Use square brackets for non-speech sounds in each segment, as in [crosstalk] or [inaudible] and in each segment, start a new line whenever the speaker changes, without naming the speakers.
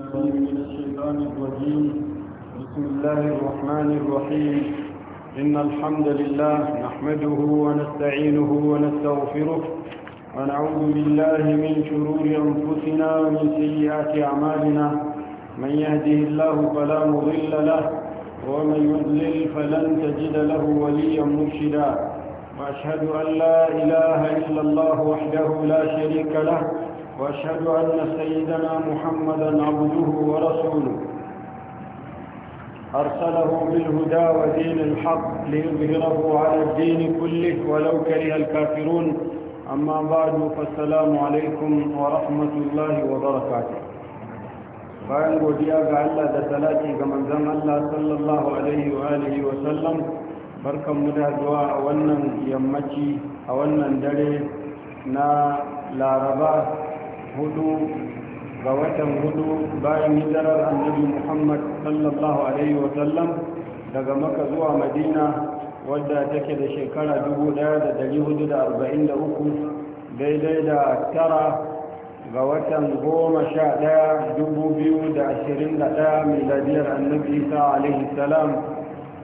السميع من الشيطان الرجيم بسم الله الرحمن الرحيم إن الحمد لله نحمده ونستعينه ونستغفره ونعوذ بالله من شرور أنفسنا ومن سيئات أعمالنا من يهده الله فلا مضل له ومن يضلل فلن تجد له وليا مرشدا وأشهد أن لا إله إلا الله وحده لا شريك له واشهد ان سيدنا محمدا عبده ورسوله ارسله بالهدى ودين الحق ليظهره على الدين كله ولو كره الكافرون اما بعد فالسلام عليكم ورحمه الله وبركاته bayan godiya ga Allah da salati ga manzon Allah sallallahu alaihi wa alihi wa sallam da zuwa a wannan yammaci a wannan dare na laraba hudu ga watan hudu bayan hijirar annabi muhammad sallallahu alaihi sallam daga maka zuwa madina wadda take da shekara 1443 daidai da tara ga watan goma sha daya dubu biyu da ashirin da mai miladiyar annabi isa alaihi salam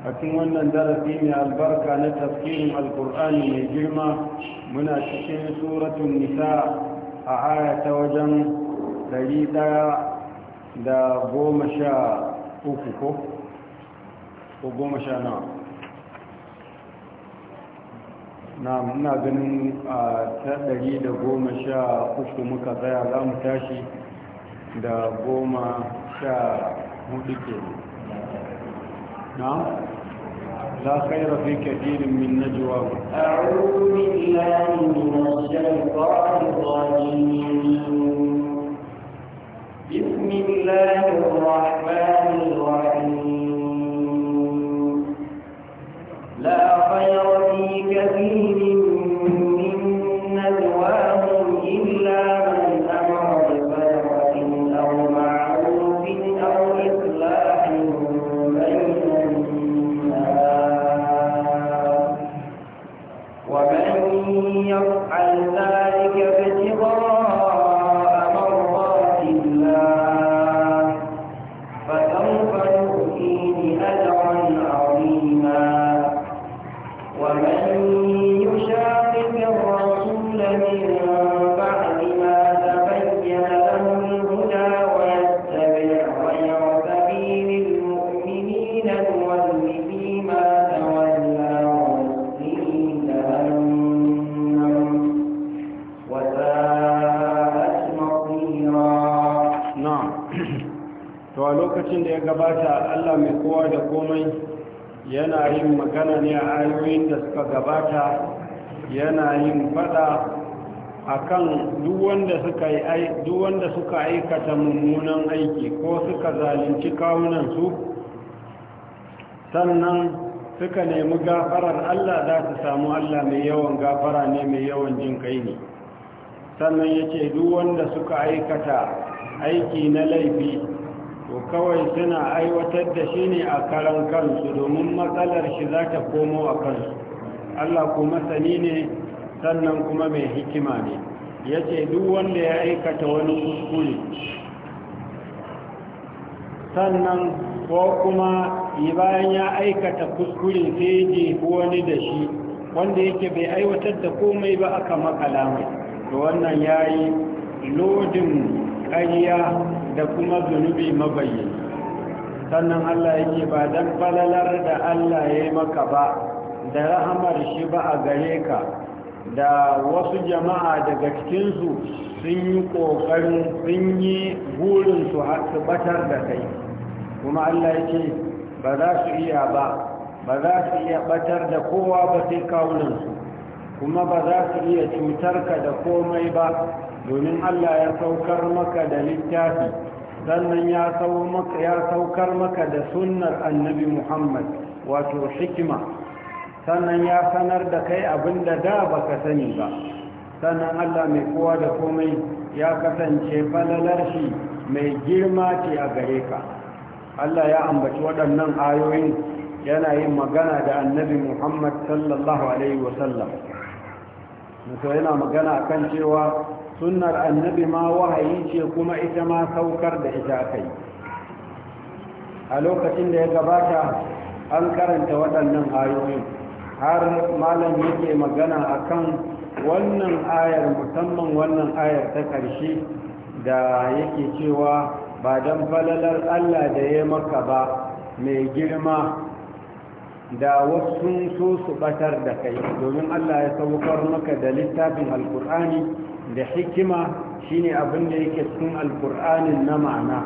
a cikin wannan darasi mai albarka na tafsirin alkur'ani mai girma muna cikin suratun nisa a aya ta wajen 113 ko ko goma sha nawa na muna ganin a ta ɗari da goma sha uku muka tsaya za mu tashi da goma sha hudu ke na لا خير في كثير من نجوى
أعوذ بالله من الشيطان الرجيم بسم الله الرحمن الرحيم
magana ne a ayoyin da suka gabata yana yin fada a kan duwanda suka aikata mummunan aiki ko suka zalunci kawunan su sannan suka nemi gafarar Allah za su samu Allah mai yawan gafara ne mai yawan jin kai ne sannan yace duk wanda suka aikata aiki na laifi to kawai suna aiwatar da shi ne a karan kansu domin matsalar shi za ta komo a kansu allah ku masani ne sannan kuma mai hikima ne ya ce duk wanda ya aikata wani kuskure sannan ko kuma bayan ya aikata kuskure sai ji wani da shi wanda yake bai aiwatar da komai ba aka makala mai to wannan ya yi lodin ƙariya da kuma zunubi mabayyani sannan Allah yake ba dan falalar da Allah ya yi maka ba da rahamar shi ba a gare ka da wasu jama'a daga cikinsu sun yi ƙoƙarin sun yi burin su batar da kai kuma Allah yake ba za su iya ba ba za su iya batar da kowa ba sai su kuma ba za su iya cutar ka da komai ba domin Allah ya saukar maka da littafi sannan ya saukar maka da sunnar annabi muhammad wato hikima sannan ya sanar da kai abinda da baka sani ba sannan allah mai kowa da komai ya kasance falalar shi mai girma ce a gare ka allah ya ambaci waɗannan ayoyin yana yin magana da annabi muhammad sallallahu alaihi wasallam yana magana kan cewa sunnar annabi ma wahayi ce kuma ita ma saukar da ita kai a lokacin da ya gabata an karanta waɗannan ayoyin har malam yake magana akan wannan ayar musamman wannan ayar ta ƙarshe da yake cewa ba don falalar allah da ya maka ba mai girma da wasu so su batar da kai domin allah ya saukar maka da littafin alkur'ani da hikima shine abin da yake cikin alkur'anin na ma'ana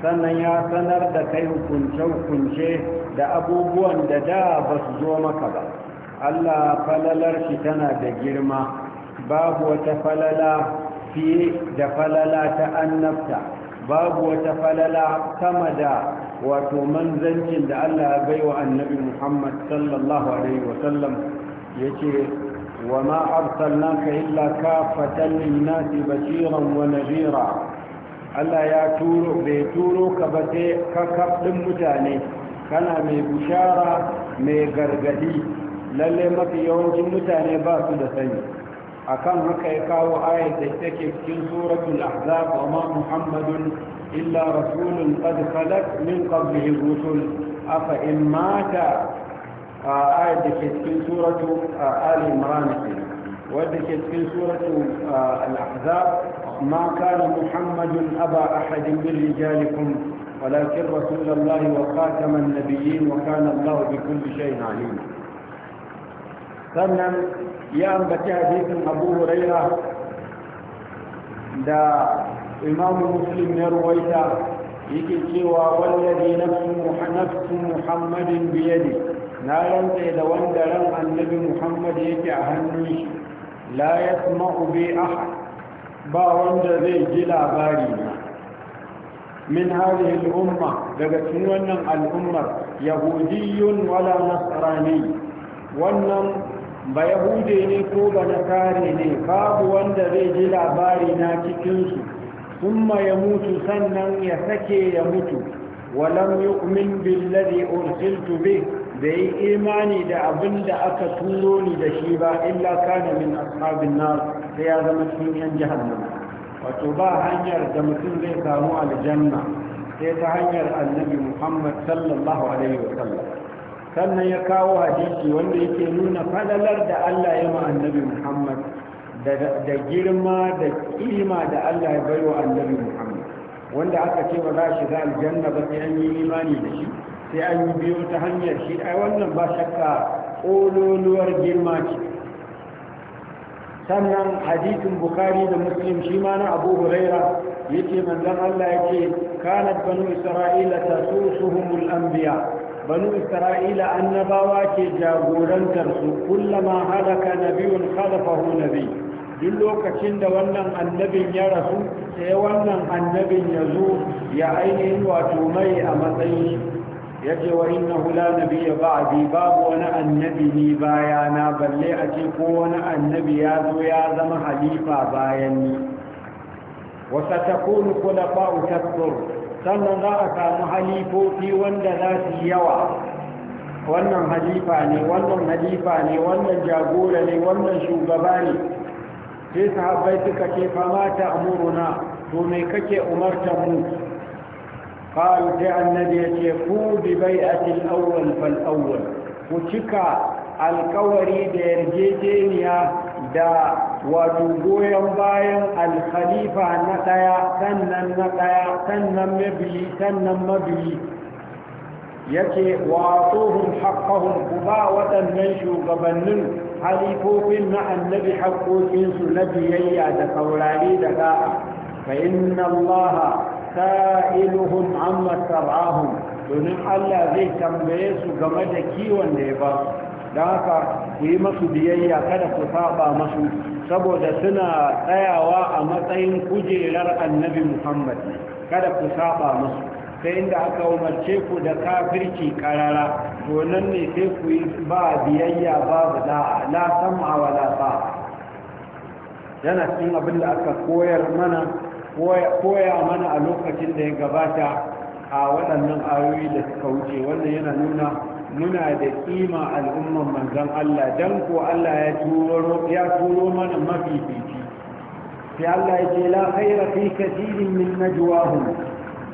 sannan ya sanar da kai hukunce-hukunce da abubuwan da da ba su zo maka ba allah falalar shi tana da girma babu wata falala fiye da falala ta annabta babu wata falala sama da wato manzancin da allah ya bai wa annabi muhammad sallallahu alaihi wasallam ya ce وما أرسلناك إلا كافة للناس بشيرا ونذيرا Allah ya turo bai turo ka ba sai kakaf ɗin mutane kana mai bushara mai gargadi Lallai mafi yawancin mutane ba su da sani akan haka ya kawo ayat da take cikin suratul ahzab wa Muhammadu illa rasulun qad khalat min qablihi rusul afa in mata آه، آية في سورة آه، آل عمران وذكرت سورة آه، الأحزاب ما كان محمد أبا أحد من رجالكم ولكن رسول الله وخاتم النبيين وكان الله بكل شيء عليم سلم يا أم بتعديد أبو هريرة دا إمام مسلم يرويتا يكي سوى والذي نفس محمد بيده na rantse da wanda ran annabi muhammad yake a hannun shi la yasma'u bi ba wanda zai ji labari na min hadhihi al daga cikin wannan al'ummar yahudiyyun wala nasrani wannan ba yahude ne ko ba nasare ne babu wanda zai ji labari na cikinsu summa ya mutu sannan ya sake ya mutu walam yu'min billadhi ursiltu bih bai imani da abin da aka turo ni da shi ba illa kana min ashabin nar sai ya zama cikin yan jahannama wato ba hanyar da mutum zai samu aljanna sai ta hanyar annabi muhammad sallallahu alaihi wa sallam sannan ya kawo hadisi wanda yake nuna fadalar da allah ya ma annabi muhammad da girma da kima da allah ya baiwa annabi muhammad wanda aka ce ba za shi za aljanna ba sai an yi imani da shi sai an yi biyo ta hanyar shi ai wannan ba shakka ƙololuwar girma ce sannan Hadithin bukari da muslim shi ma na abu huraira ya ce manzan allah ya ce kanat banu isra'ila ta susuhumul anbiya banu isra'ila annabawa ke jagorantar su kullama halaka nabiyun khalafahu nabi duk lokacin da wannan annabin ya rasu sai wannan annabin ya zo ya ainihin wato mai a matsayin Ya yace wa innahu la nabiyya ba'di babu wani annabi ni bayana balle a ce ko wani annabi ya zo ya zama halifa bayan ni wa satakunu khulafa'u tasbur sannan za a samu halifofi wanda za su yawa wannan halifa ne wannan halifa ne wannan jagora ne wannan shugaba ne sai haɓai suka ce fama ta amuruna to me kake umartar mu قال جاء النبي يقول ببيعة الأول فالأول وشكا القوري بيرجيجينيا دا وتقويا بايا الخليفة نتايا سنن نتايا سنن مبلي سنن مبلي yake watohun haƙahun ku ba waɗannan shugabannin halifofin na annabi haƙoƙinsu na biyayya da saurare da da'a fa inna allaha sa'iluhum amma tab'ahum domin Allah zai tambaye su game da kiwon da ya ba don haka ku yi masu biyayya kada ku saba masu saboda suna tsayawa a matsayin kujerar annabi Muhammad kada ku saba masu sai inda aka umarce ku da kafirci karara to nan ne sai ku yi ba biyayya babu da'a la sam'a wa la yana cikin abin da aka koyar mana koya mana a lokacin da ya gabata a waɗannan ayoyi da suka wuce wanda yana nuna muna da ƙima al'umman manzan Allah dan ko Allah ya turo mana mafi sai Allah ya ce la fi kathirin min najwahum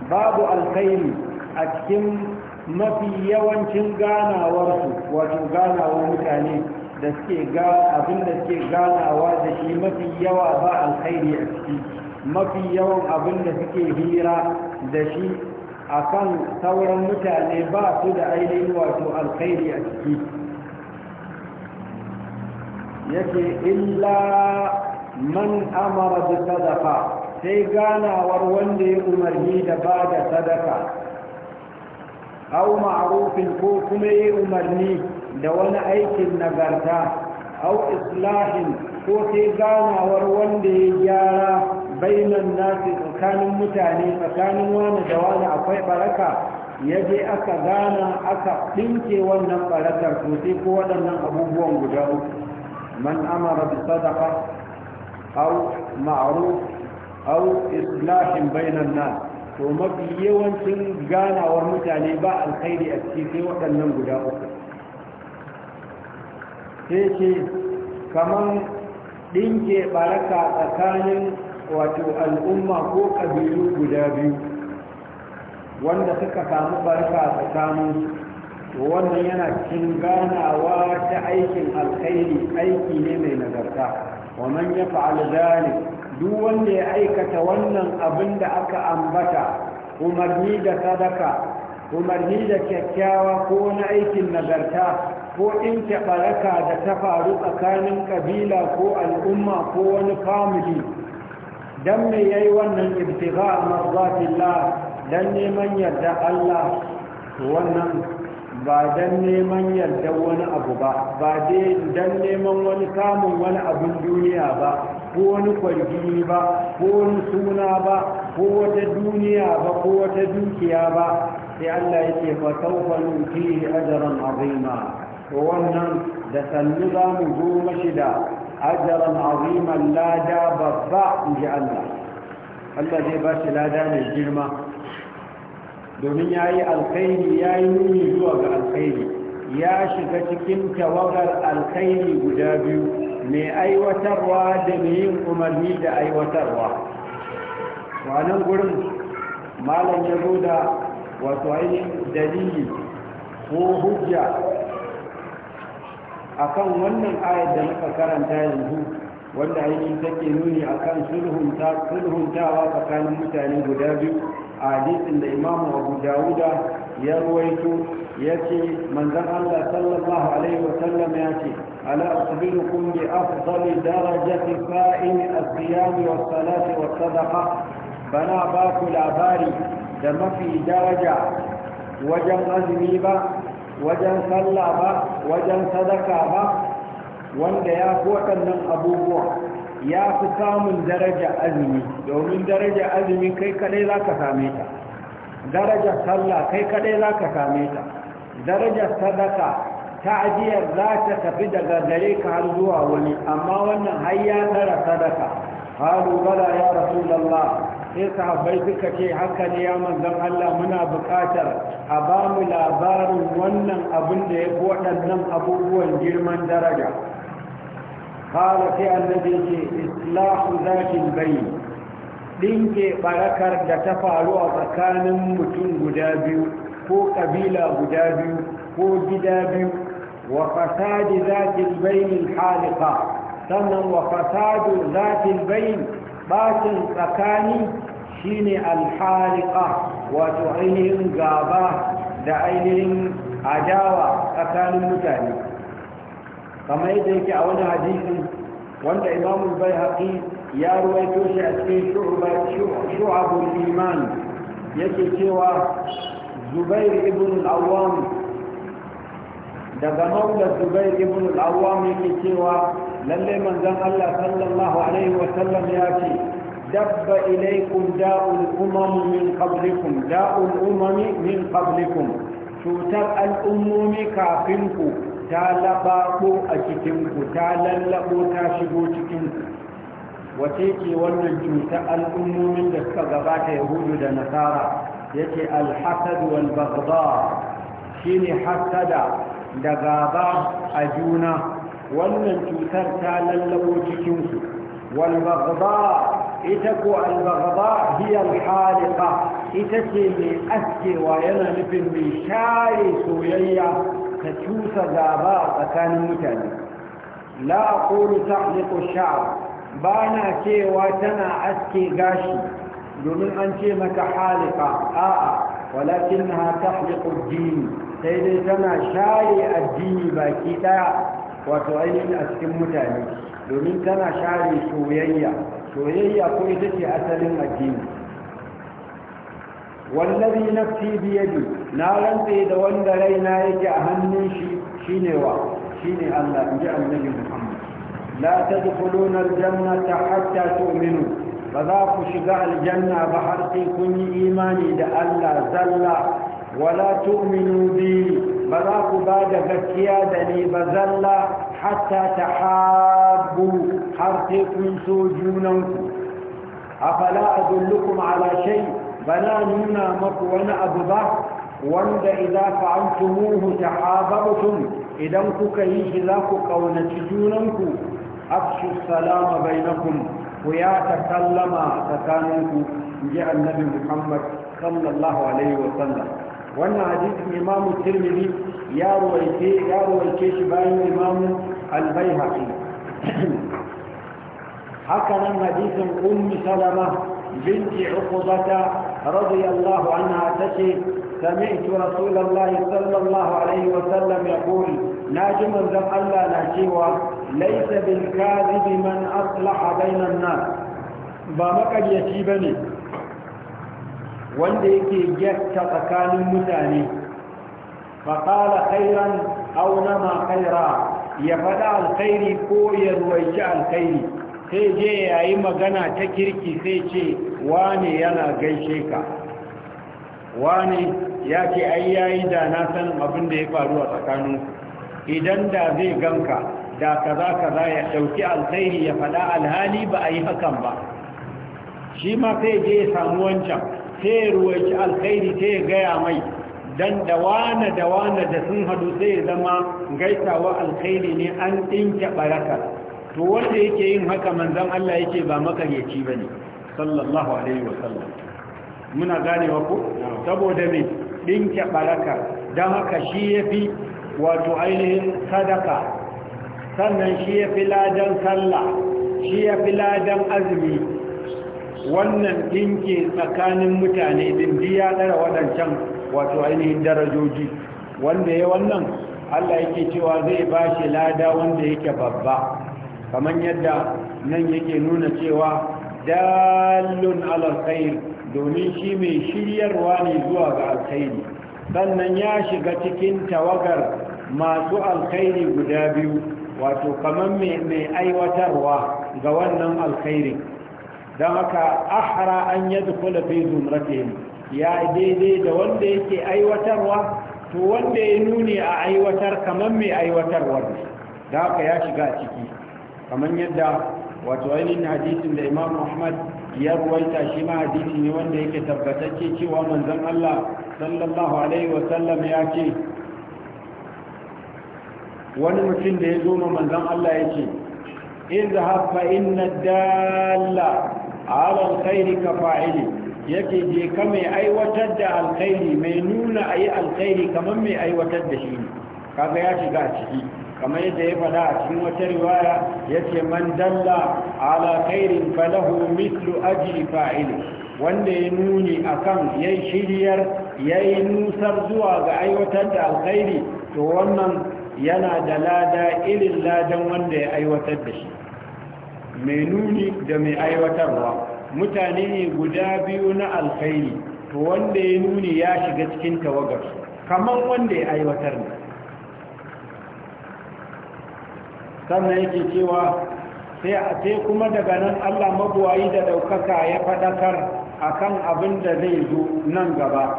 babu alkhairi a cikin mafi yawancin ganawarsu wato ganawar mutane da suke ga abin da suke ganawa da shi mafi yawa ba alkhairi a ciki mafi yawan abin da suke hira da shi a kan sauran mutane ba su da ainihin wato alkhairi a ciki yake illa man amara da sadaka sai ganawar wanda ya umarni da ba da sadaka au ma'arufin ko kuma ya umarni da wani aikin nagarta au islahin ko sai ganawar wanda ya gyara bainan nasi tsakanin mutane tsakanin wani da wani akwai baraka ya je aka gana aka ɗinke wannan barakar to sai ko waɗannan abubuwan guda uku man amara bi sadaqa aw ma'ruf aw islahin bainan nas to mafi yawancin ganawar mutane ba alkhairi a ciki sai waɗannan guda uku sai ce kamar ɗinke baraka tsakanin wato al'umma ko ƙabilu guda biyu wanda suka samu barka tsakanin wannan yana cikin ganawa ta aikin alkhairi aiki ne mai nagarta wa man ya fa'al zalik duk wanda ya aikata wannan abin da aka ambata umarni da sadaka umarni da kyakkyawa ko wani aikin nagarta ko in baraka da ta faru tsakanin kabila ko al'umma ko wani famili dan me yayi wannan ibtigha marzatillah dan neman yarda Allah wannan ba dan neman yarda wani abu ba ba dai dan neman wani samun wani abin duniya ba ko wani kwargini ba ko wani suna ba ko wata duniya ba ko wata dukiya ba sai Allah yake fa sawfa nutihi ajran azima to wannan da sannu za mu zo mashida. ajaran aziman lada babba in ji Allah Allah zai ba shi lada mai girma domin ya yi alkhairi ya yi nuni zuwa ga alkhairi ya shiga cikin tawagar alkhairi guda biyu mai aiwatarwa da mai yin umarni da aiwatarwa wannan gurin malam ya zo da wato ainihin dalili ko hujja akan wannan ayar da muka karanta yanzu wanda ainihin take nuni akan sulhuntawa tsakanin mutane guda biyu a hadisin da imamu abu dawuda ya ruwaito ya ce manzan allah sallallahu alaihi sallam ya ce ala asbirukum bi afdali darajati fa'in as wa salati wa sadaqa bana ba ku labari da mafi daraja wajen azumi ba wajen sallah ba wajen sadaka ba wanda ya fi waɗannan abubuwa ya fi samun daraja azumi domin daraja azumi kai kadai za ka same ta daraja sallah kai kaɗai za ka same ta daraja sadaka ta ajiyar za ta tafi daga gare ka har zuwa wani amma wannan har ya tara sadaka halu bala ya rasulallah sai sahabbai suka ce haka ne ya manzan Allah muna buƙatar a ba mu labarin wannan abin da ya waɗannan abubuwan girman daraja kala sai annabi ce islahu zakin bayi ɗinke barakar da ta faru a tsakanin mutum guda biyu ko ƙabila guda biyu ko gida biyu wa fasadi zakin bayin halika sannan wa fasadu zakin bayin bacin tsakani shine alhariƙa wato ainihin gaba da ainihin adawa tsakanin mutane kamar yadda yake a wani hadisin wanda imamu bai haƙi ya ruwaito shi a cikin shu'abul iman yake cewa zubair ibn al-awwam daga maula zubair ibn al-awwam yake cewa lallai manzon Allah sallallahu alaihi wa ya ce دب إليكم داء الأمم من قبلكم داء cutar al'ummomi kafin ku ta labako a cikinku ta lallabo ta shigo cikinku wace ce wannan cutar al'ummomin da suka gabata yahudu da nasara yake alhassad wal bagba shi ne hassada da gaba a juna wannan cutar ta lallabo cikinku wal bagba ita ko albagaba biyar halika ita ce mai askewa yana nufin mai shaye soyayya ta cusa gaba tsakanin mutane la'akoru ta niko sha'ar ba na cewa tana aske gashi domin an ce mata halika a'a walakin na ta niko jini sai dai tana shaye addini baki ɗaya wato ainihin askin mutane domin tana share soyayya soyayya ko ita ce asalin addini wallazi nafsi biyadi na rantse da wanda raina yake a hannun shi shine wa shine Allah inji annabi Muhammad la tadkhuluna aljannata hatta minu. ba za ku shiga aljanna ba har sai kun yi imani da Allah zalla ولا تؤمنوا بي بلا بعد فكيا لي بذلا حتى تحابوا حرتكم سوجونكم أفلا أدلكم على شيء بلا نونا مكونا أبضا وند إذا فعلتموه تحاببتم إذا كيش ذاك قونا جونكم أفشوا السلام بينكم ويا تكلم تكانكم جاء النبي محمد صلى الله عليه وسلم wannan hadisin imamu tirmidhi ya ruwaice ya shi bayan imamu al-baihaqi haka nan hadisin ummi salama binti uqbata رضي الله عنها تشي سمعت رسول الله صلى الله عليه وسلم يقول ناجم ذم ألا ناجيوة ليس بالكاذب من أصلح بين الناس بامك يشيبني wanda yake gyatta tsakanin mutane faƙala khairan auna nama khaira ya faɗa alkhairi ko ya ruwaici alkhairi sai je yayi magana ta kirki sai ce wane yana gaishe ka wane ya ce ai yayi da na san abin da ya faru a tsakanin idan da zai ganka da kaza kaza ya dauki alkhairi ya faɗa alhali ba a yi hakan ba shi ma sai je ya samu wancan sai ruwaici alkhairi taya ya gaya mai dan da wane da da sun hadu sai ya zama gaisawa alkhairi ne an ɗinke baraka to wanda yake yin haka manzan Allah yake ba makaryaci ba ne sallallahu alaihi wasallam muna gane wako saboda mai ɗinke baraka don haka shi ya fi wato ainihin sadaka sannan shi ya fi ladan sallah shi ya fi ladan azumi wannan dinke tsakanin mutane din biya dara waɗancan wato ainihin darajoji wanda ya wannan Allah yake cewa zai ba shi lada wanda yake babba kamar yadda nan yake nuna cewa dalun khair domin shi mai shiryarwa ne zuwa ga alkhairi sannan ya shiga cikin tawagar masu alkhairi guda biyu wato kamar mai aiwatarwa ga wannan alkhairin don haka ahra an yadda kula fi zumratihim ya daidai da wanda yake aiwatarwa to wanda ya nuni a aiwatar kamar mai aiwatarwar da haka ya shiga ciki kamar yadda wato ainihin hadisin da imam muhammad ya ruwaita shi ma hadisi ne wanda yake tabbatacce cewa manzon allah sallallahu alaihi wasallam ya ce wani mutum da ya zo ma manzon allah ya ce in zahab in na dalla ala alkhairi ka fa'ili yake je ka mai aiwatar da alkhairi mai nuna ayi alkhairi kamar mai aiwatar da shi ne kaga ya shiga a ciki kamar yadda ya faɗa a cikin wata riwaya yace man dalla ala khairin falahu mithlu ajri fa'ili wanda ya nuni akan ya shiryar ya yi nusar zuwa ga aiwatar da alkhairi to wannan yana da lada irin ladan wanda ya aiwatar da shi mai nuni da mai aiwatarwa mutane ne guda biyu na alkhairi to wanda ya nuni ya shiga cikin tawagar kamar wanda ya aiwatar ne sannan yake cewa sai kuma daga nan allah mabuwayi da daukaka ya faɗakar kan abin da zai zo nan gaba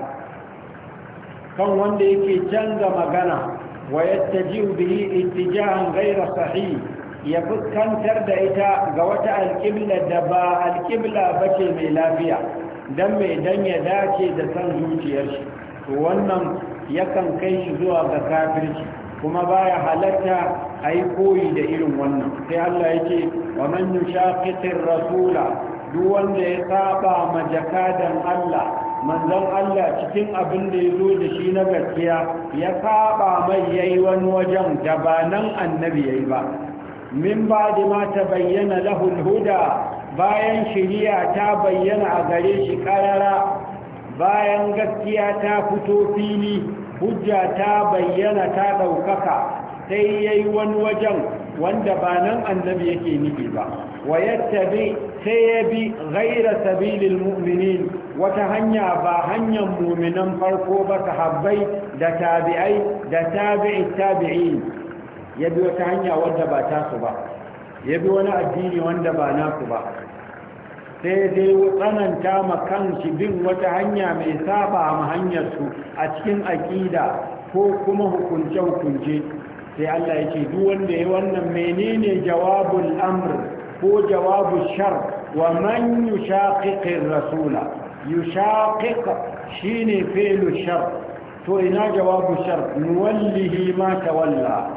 kan wanda yake canza magana wa yattaji bihi ittijahan ghayra sahih ya fuskantar da ita ga wata alƙibla da ba alƙibla ba ce mai lafiya don mai don ya dace da san zuciyar shi to wannan yakan kai shi zuwa ga kafirci kuma baya halatta a yi koyi da irin wannan sai Allah ya ce wa manyan yushaqiqir rasula duk wanda ya saba ma jakadan Allah manzon Allah cikin abin da ya zo da shi na gaskiya ya saba mai yayi wani wajen da ba nan annabi yayi ba min ba da ta bayyana lahul huda bayan shiriya ta bayyana a gare shi karara bayan gaskiya ta fito fili hujja ta bayyana ta ɗaukaka sai ya yi wani wajen wanda ba nan annabi yake nufi ba wa yattabi sai ya bi ghaira sabilil mu'minin wata hanya ba hanyar mu'minan farko ba sahabbai da tabi'ai da tabi'i tabi'in ya bi wata hanya wadda ba tasu ba ya bi wani addini wanda ba nasu ba sai dai tsananta ma shi bin wata hanya mai saba ma hanyar su a cikin aƙida ko kuma hukunce-hukunce sai Allah ya ce duk wanda ya wannan menene jawabul amr ko jawabu shar wa man yushaqiqir rasula yushaqiq shine fi'lu shar to ina jawabu shar nuwallihi ma tawalla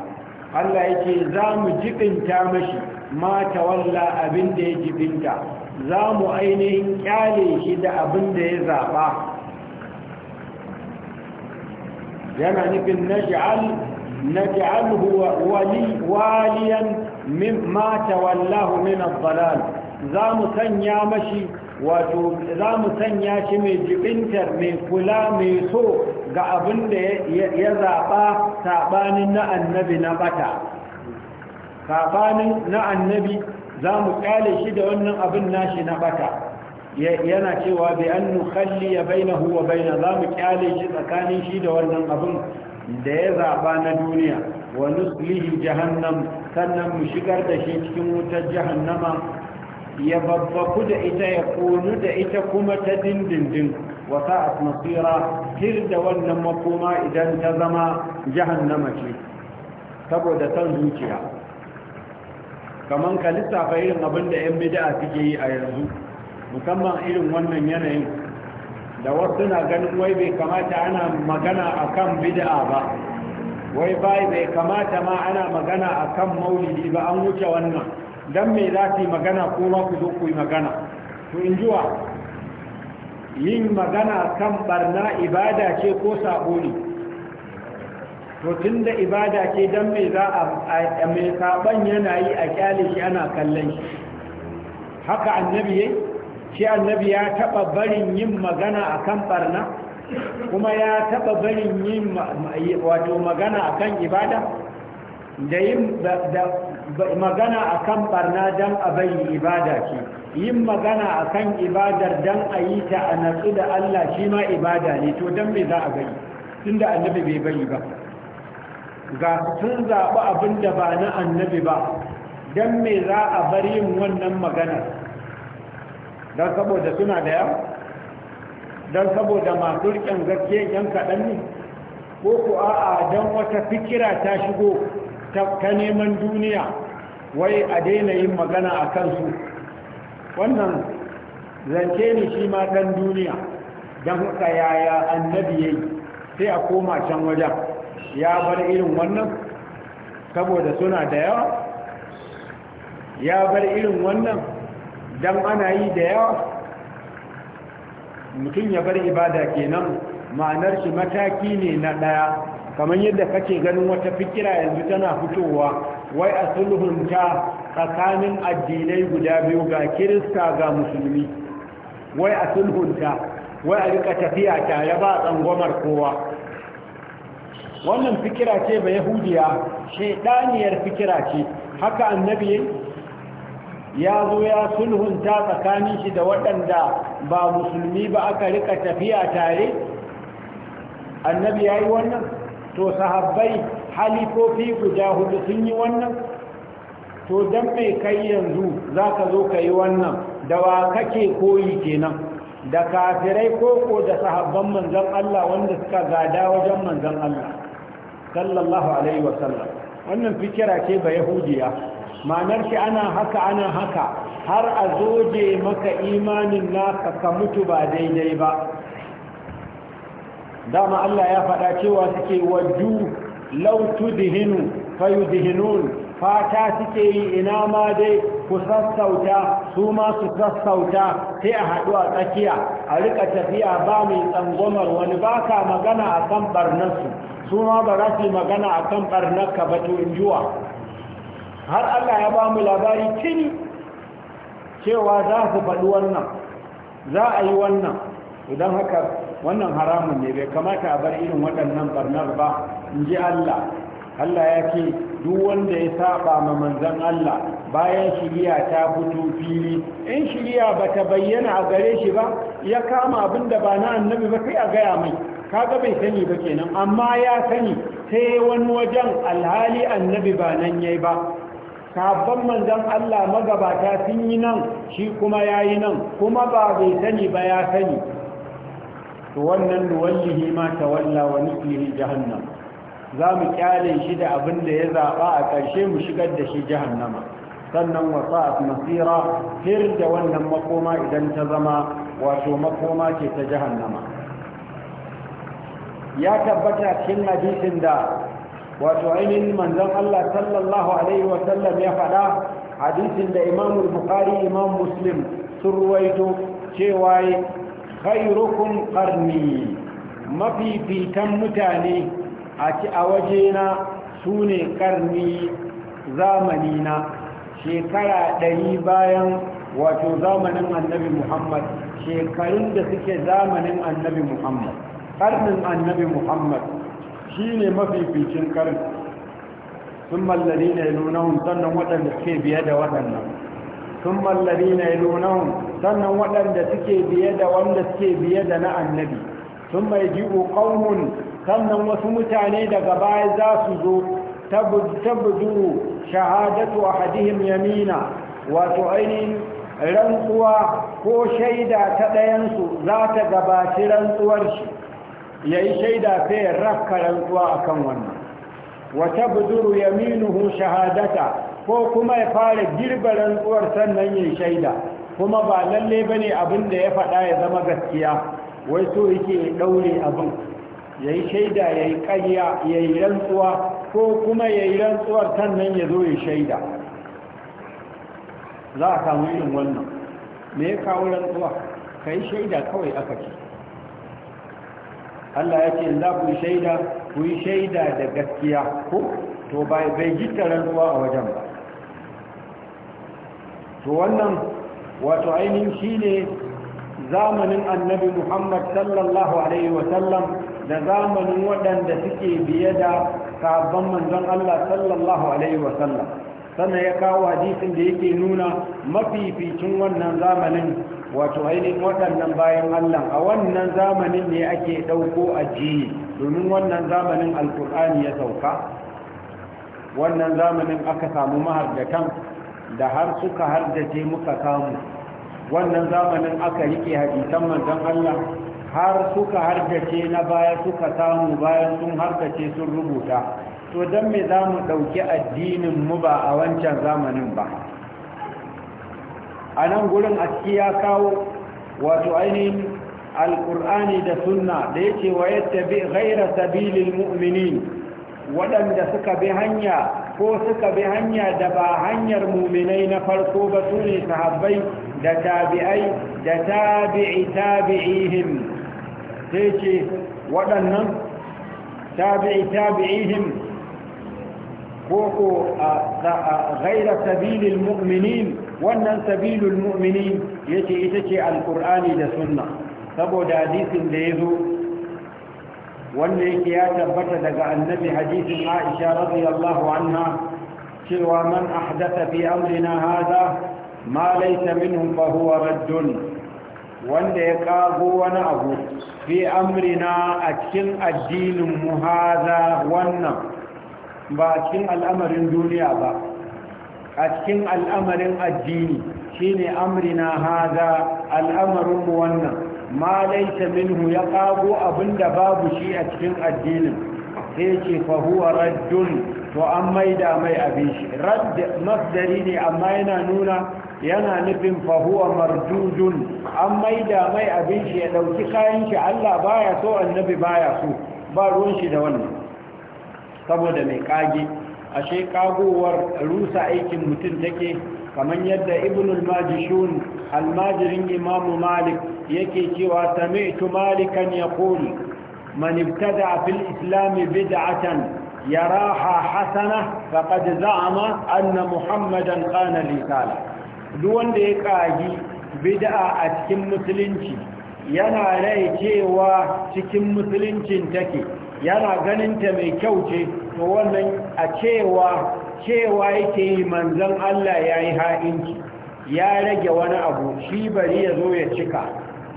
Allah yake za mu jibinta mashi ma walla abin da ya jibinta za mu ainihin kyale shi da abin da ya zaɓa yana nufin na ja'al waliyan ma tawallahu min al za mu sanya mashi wato za mu sanya shi mai jibintar mai kula mai so ga abin da ya zaɓa saɓanin na annabi na bata saɓanin na annabi za mu ƙyale shi da wannan abin nashi na bata yana cewa bai an nukhalli ya baina huwa baina za mu ƙyale shi tsakanin shi da wannan abin da ya zaɓa na duniya wa nuslihi jahannam sannan mu shigar da shi cikin wutar jahannama ya babbaku da ita ya konu da ita kuma ta dindindin wata atmosfera hir da wannan makoma idan ta zama jahannama ce saboda san zuciya kaman ka lissafa irin abin da 'yan bida suke yi a yanzu musamman irin wannan yanayin da wasu na ganin wai bai kamata ana magana a kan bida ba wai bai kamata ma ana magana a kan maulidi ba an wuce wannan dan mai za ta yi magana ko ba ku zo ku yi magana to in jiwa yin magana kan barna ibada ce ko sabo ne to tun da ibada ce dan me za a mai saban yana yi a kyale shi ana kallon shi haka annabi ya shi annabi ya taba barin yin magana akan barna kuma ya taba barin yin wato magana akan ibada da yin magana a kan barna don a bayi ibada ce yin magana a kan ibadar don a yi ta a natsu da Allah shi ma ibada ne to don me za a bayi tun da annabi bai bayi ba ga sun zaɓi abin da ba na annabi ba don me za a bar yin wannan magana don saboda suna da yawa don saboda masu rikin gaske yan kaɗan ne ko ku a'a don wata fikira ta shigo ta neman duniya wai a daina yin magana a kansu wannan zance ne shi ma ɗan duniya don haka yaya annabi yi sai a koma can wajen ya bar irin wannan saboda suna da yawa ya bar irin wannan don ana yi da yawa mutum ya bar ibada kenan ma'anar shi mataki ne na ɗaya kamar yadda kake ganin wata fikira yanzu tana fitowa wai a sulhunta tsakanin addinai guda biyu ga kirista ga musulmi wai a sulhunta wai a rika tafiya tare ba tsangomar kowa wannan fikira ce ba yahudiya shaidaniyar fikira ce haka annabi ya zo ya sulhunta tsakanin shi da waɗanda ba musulmi ba aka rika tafiya tare annabi ya yi wannan to sahabbai halifofi guda hudu sun yi wannan to don mai kai yanzu za ka zo ka yi wannan da wa kake koyi kenan da kafirai koko da sahabban manzan Allah wanda suka gada wajen manzan Allah sallallahu alaihi wasallam wannan fikira ce ba yahudiya manar ki ana haka ana haka har a zoje maka imanin naka ka mutu ba daidai ba dama Allah ya faɗa cewa suke wajju lautu dihinu fayu dihinun fata suke yi ina ma dai ku sassauta su ma su sassauta sai a haɗu a tsakiya a rika tafiya ba mai tsangomar wani baka magana a kan ɓarnarsu su ma ba za su magana a kan ɓarnarka ba to injuwa har Allah ya ba mu labari tuni cewa za su faɗi wannan za a yi wannan idan haka wannan haramun ne bai kamata a bar irin waɗannan barnar ba in ji Allah Allah ya ce duk wanda ya saba ma manzon Allah bayan shiriya ta fito fili in shiriya ba ta bayyana a gare shi ba ya kama abin da ba na annabi ba sai a gaya mai kaga bai sani ba kenan amma ya sani sai wani wajen alhali annabi ba nan yayi ba sabon manzon Allah magabata sun yi nan shi kuma yayi nan kuma ba bai sani ba ya sani to wannan nuwallihi ma tawalla wa nuklihi jahannam za mu kyale shi da abin da ya zaɓa a ƙarshe mu shigar da shi jahannama sannan wasa a masira fir da wannan makoma idan ta zama wato makoma ce ta jahannama ya tabbata cikin hadisin da wato ainihin manzon Allah sallallahu alaihi wa sallam ya faɗa hadisin da Imam Bukhari Imam Muslim sun ruwaito cewa khairukum qarni fitan mutane a ci a sune su ne karni zamanina shekara ɗari bayan wato zamanin annabi muhammad shekarun da suke zamanin annabi muhammad karnin annabi muhammad shine ne mafificin karni sun mallari ne nuna sannan waɗanda ke biye da waɗannan ثم الذين يلونهم سنن sannan waɗanda suke biye da wanda suke biye da na annabi Sun mai يجيء ƙaunun sannan wasu mutane daga baya za su zo tabdu shahadatu ahadihim yamina wato ainihin rantsuwa ko shaida ta ɗayansu za ta gabaci rantsuwar shi ya yi shaida sai rakka rantsuwa akan wannan wata buduru yaminuhu shahadata ko kuma ya fara girba rantsuwar sannan yin shaida kuma ba lalle ba ne abin da ya faɗa ya zama gaskiya wai so yake ɗaure abin ya yi shaida ya yi ƙarya ya yi rantsuwa ko kuma ya yi rantsuwar sannan ya zo ya shaida za a samu irin wannan me ya kawo rantsuwa ka yi shaida kawai aka ce Allah ya ce za ku yi shaida ku yi shaida da gaskiya ko to bai gitta rantsuwa a wajen ba to wannan wato ainihin shi ne zamanin annabi muhammad sallallahu alaihi wasallam da zamanin waɗanda suke biye da sabon manzon allah sallallahu alaihi wasallam sannan ya kawo hadisin da yake nuna mafificin wannan zamanin wato ainihin waɗannan bayan allah a wannan zamanin ne ake ɗauko ajiyi domin wannan zamanin alkur'ani ya sauka wannan zamanin aka samu mahardatan da har suka harjace muka samu wannan zamanin aka rike hadisan manzon Allah har suka harjace na baya suka samu bayan sun harjace sun rubuta to don me za mu ɗauki addinin mu ba a wancan zamanin ba a nan gurin aski ya kawo wato ainihin alƙur'ani da sunna da ya ce wa yadda bi ghaira sabilil mu'minin waɗanda suka bi hanya ko suka bi hanya da ba hanyar muminai na farko ba su ne sahabbai da tabi'ai da tabi'i tabi'ihim sai ce waɗannan tabi'i tabi'ihim ko ko a gaira sabilin mu'minin wannan sabilin mu'minin ce ita ce alƙur'ani da sunna saboda hadisin da ya zo wanda yake ya tabbata daga annabi hadisin aisha radiyallahu anha cewa man ahdatha fi amrina hadha ma laysa minhum fa huwa raddun wanda ya kago wani abu fi amrina a cikin addinin mu hadha wannan ba a cikin al'amarin duniya ba a cikin al'amarin addini shine amrina hadha al'amarin mu wannan ma laita minhu ya kago abinda babu shi a cikin addinin sai ce fa huwa raddun to an maida mai abin shi radd masdari ne amma yana nuna yana nufin fa huwa mardudun an maida mai abin shi ya dauki kayan shi Allah baya so annabi baya so ba ruwan shi da wannan saboda mai kage ashe kagowar rusa aikin mutum take kamar yadda ibnul majishun almajirin imamu malik yake cewa sami'tu malikan yaqul man ibtada fil islam bid'atan yaraha hasana faqad za'ama anna muhammadan qana risala duk wanda ya ƙagi bid'a a cikin musulunci yana rai cewa cikin musuluncin take yana ganinta mai kyau ce to wannan a cewa cewa yake yi manzon Allah yayi ha'inci ya rage wani abu shi bari ya zo ya cika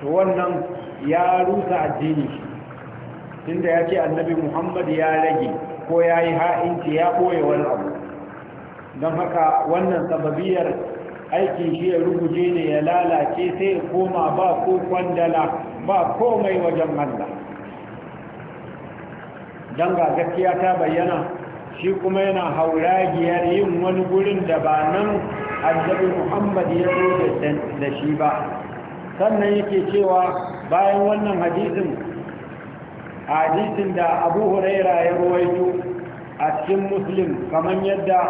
to wannan ya rusa addini tunda ya ce annabi muhammad ya rage ko ya yi ha'inci ya ɓoye wani abu don haka wannan sababiyar aikin shi ya ruguje ne ya lalace sai ya koma ba ko kwandala ba komai wajen allah don ga gaskiya ta bayyana shi kuma yana hauragiyar yin wani gurin da ba nan annabi Muhammad ya zo da shi ba sannan yake cewa bayan wannan hadisin hadisin da Abu Huraira ya rawaito a cikin Muslim kamar yadda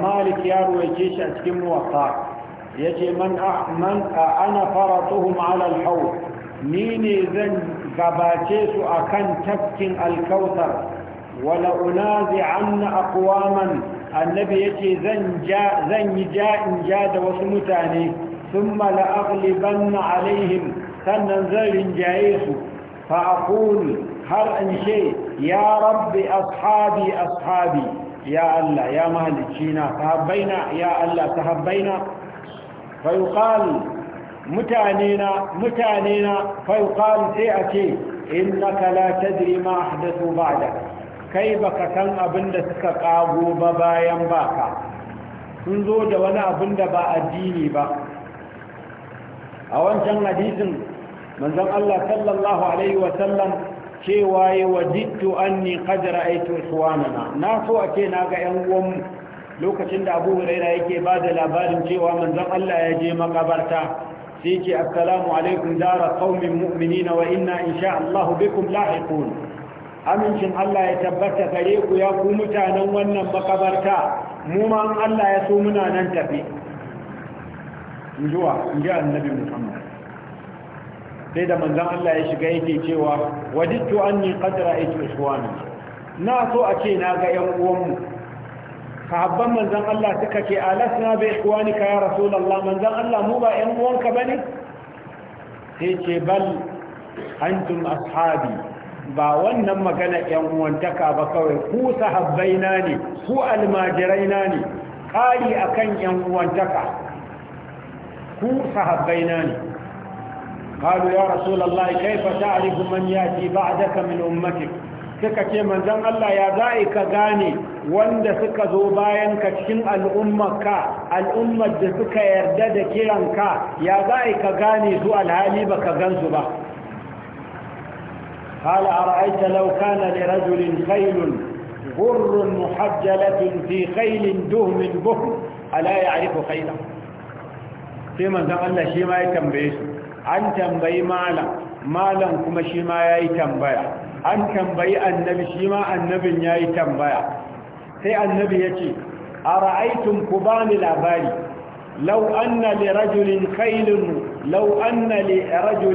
Malik ya rawaice shi a cikin Muwatta yace man man ana faratuhum ala al-hawl ni ne zan gabace su akan tafkin al-kautsar wala unazi anna aqwaman annabi ya ce zan yi ja'in ja da wasu mutane sun mala'agliban na alaihim sannan zan rinjaye su fa'akuni har in ce ya rabbi ashabi ashabi ya Allah ya mahalicci na sahabbaina ya Allah sahabbaina fayuqal mutane na mutane na fayuqal sai a ce innaka la tadri ma ahdathu ba'daka kai baka san abin da suka kago ba bayan baka sun zo da wani abin da ba addini ba a wancan hadisin manzon Allah sallallahu alaihi wa sallam cewa ya wajittu anni qad ra'aytu ikhwanana na so ake na ga yan uwan lokacin da Abu huraira yake ba da labarin cewa manzon Allah ya je makabarta sai ce assalamu alaikum dara qaumin mu'minina wa inna insha Allah bikum lahiqun amincin Allah ya tabbata gare ku ya ku mutanen wannan makabarta mu ma Allah ya so muna nan tafi zuwa annabi Muhammad sai da manzon Allah ya shiga yake cewa wajidtu anni qad ra'aytu ikhwani na so a ce na ga yan uwanmu sahabban manzon Allah suka ce alasna bi ikhwanika ya rasulullah manzon Allah mu ba yan uwanka bane sai ce bal antum ashabi ba wannan magana yan uwantaka ba kawai ku sahabbaina ne ku almajiraina ne kari akan yan uwantaka ku sahabbaina ne قالوا يا رسول الله ya تعرف ba a بعدك من ummatin. suka ce manzon Allah ya za'i ka gane wanda suka zo bayan ka cikin al'ummarka al'ummar da suka yarda da kiranka ya za'i ka gane su alhali baka gansu ba قال أرأيت لو كان لرجل خيل بر محجلة في خيل دهم بهم ألا يعرف خيلا sai manzan Allah shi ya tambaye an tambayi malam malam kuma shi ya yi tambaya an tambayi annabi shi ma ya yi tambaya sai annabi ya ce a ra'aitun ku ba labari lau anna lau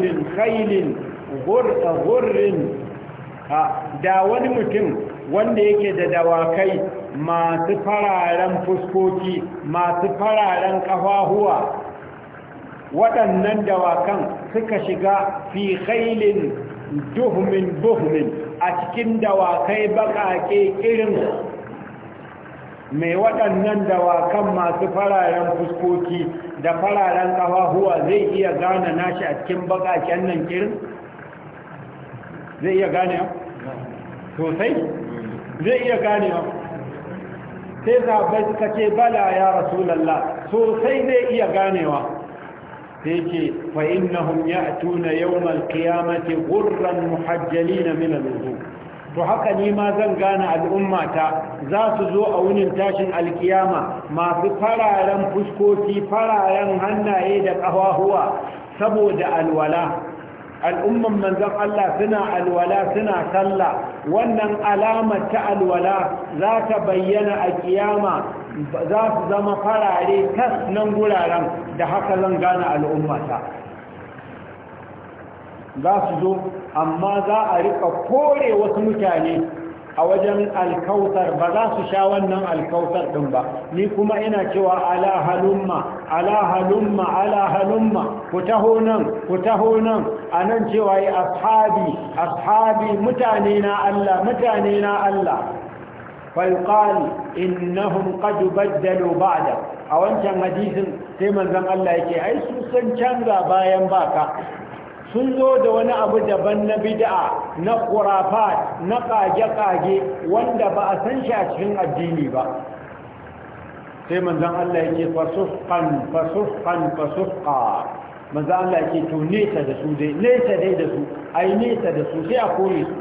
gurrin da wani mutum wanda yake da dawakai masu fararen fuskoki masu fararen ƙafahuwa waɗannan dawakan suka shiga fi khailin duhmin a cikin dawakai bakake irin mai waɗannan dawakan masu fararen fuskoki da fararen ƙafahuwa zai iya gane nashi a cikin baƙaƙen nan kirin? zai iya gane sosai zai iya gane sai zaɓai suka ce bala ya rasu lalla. sosai zai iya ganewa sai ce fa innahum ya'tuna yawmal qiyamati ghurran muhajjalina min al to haka ni ma zan gane al'ummata za su zo a wunin tashin alkiyama masu fararen fuskoki fararen hannaye da ƙafafuwa saboda alwala al'umman manzon Allah suna alwala suna sallah wannan alamar ta alwala za ta bayyana a kiyama za su zama farare tas nan guraren da haka zan gane al'ummata za su zo amma za a riƙa kore wasu mutane a wajen alkautar ba za su sha wannan alkautar din ba ni kuma ina cewa ala halumma ala halumma ala halumma ku taho nan ku taho nan anan cewa yi ashabi ashabi mutane na Allah mutane na Allah فيقال إنهم قد بدلوا بعدك a wancan hadisin sai manzon Allah yake ai su sun canza bayan baka sun zo da wani abu daban na bid'a na ƙurafa, na kage-kage wanda ba a san shi a cikin addini ba sai manzan Allah yake fasufkan fasufkan fasufka manzan Allah yake to nesa da su dai nesa dai da su ai nesa da su sai a kore su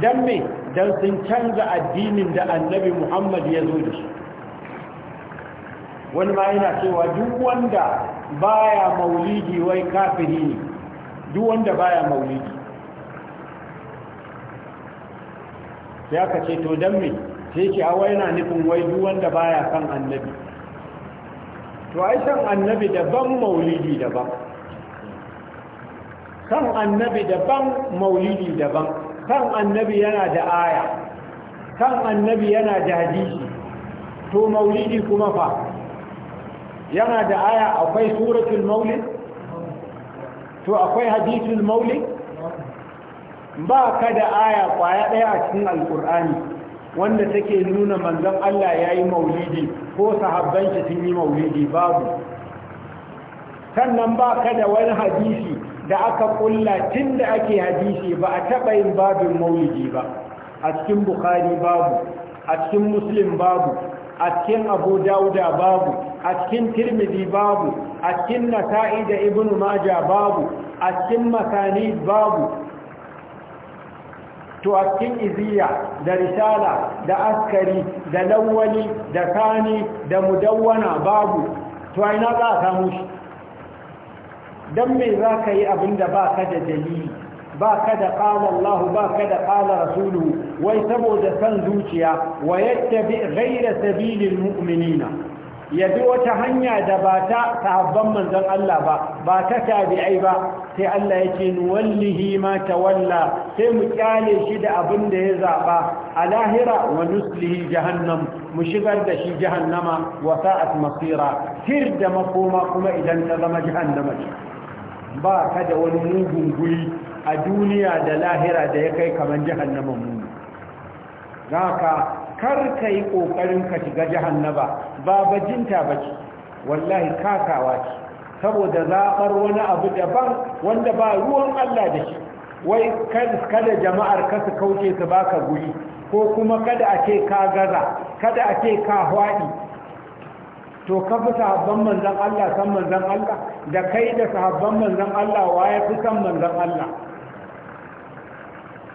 dan me dan sun canza addinin da annabi Muhammad ya zo da shi wani ma yana cewa duk wanda baya maulidi wai kafiri ne duk wanda baya maulidi sai aka ce to don me sai ce hawa yana nufin wai duk wanda baya kan annabi to ai san annabi daban maulidi daban kan annabi daban maulidi daban kan annabi yana da aya kan annabi yana da hadisi to maulidi kuma fa yana da aya akwai suratul maulid to akwai hadithul maulid ba ka da aya kwaya ɗaya a cikin alkur'ani wanda take nuna manzon Allah ya yi maulidi ko sahabban shi sun yi maulidi babu sannan ba ka da wani hadisi da aka kulla tun da ake hadisi ba a taɓa yin babin maulidi ba a cikin bukhari babu a cikin muslim babu a cikin abu dauda babu a cikin tirmidhi babu a cikin nasa'i da ibnu maja babu a cikin masani babu to a cikin iziya da risala da askari da lawwali da kani da mudawwana babu to ai za a samu shi don me za ka yi abin da ba ka da dalili ba ka da qala Allah ba ka da qala rasuluhu wai saboda san zuciya wa yattabi ghayra sabilil mu'minina ya bi wata hanya da ba ta sahabban manzon Allah ba ba ta tabi'ai ba sai Allah ya ce nuwallihi ma tawalla sai mu kyale shi da abin da ya zaba a lahira wa nuslihi jahannam mu shigar da shi jahannama wa sa'at masira tir da makoma kuma idan ta zama jahannama ba ka da wani mugun guri a duniya da lahira da ya kai kamar jahannama muni za ka kar ka yi ƙoƙarin ka shiga jahannaba ba bajinta ba ce wallahi kakawa ce saboda zaɓar wani abu daban wanda ba ruwan allah da shi wai kada jama'ar ka su kauce su baka guri ko kuma kada a ce ka gaza kada a ce ka hwaɗi to ka fi sahabban manzan Allah san manzan Allah da kai da sahabban manzan Allah wa ya fi san manzan Allah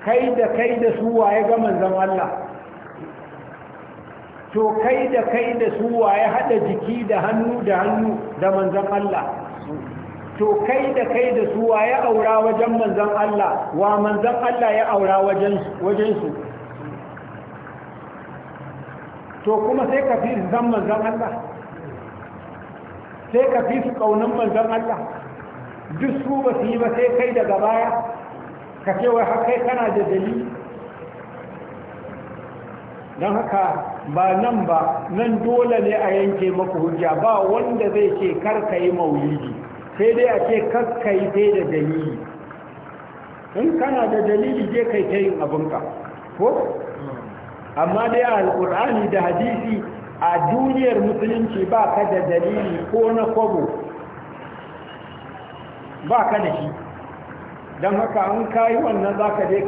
kai da kai da su waye ga manzan Allah to kai da kai da su waye hada jiki da hannu da hannu da manzan Allah to kai da kai da su wa ya aura wajen manzan Allah wa manzan Allah ya aura wajen su to kuma sai ka fi zan manzan Allah sai ka fi su kaunin manzan Allah duk su ba su yi ba sai kai daga baya ka ce wai haka kana da dalili don haka ba nan ba nan dole ne a yanke maku hujja ba wanda zai ce karka yi maulidi sai dai a ce karka yi sai da dalili in kana da dalili je kai ta yin abinka ko amma dai a alkur'ani da hadisi a duniyar musulunci ba ka da dalili ko na kwabo ba ka da shi don haka an kayi wannan za ka je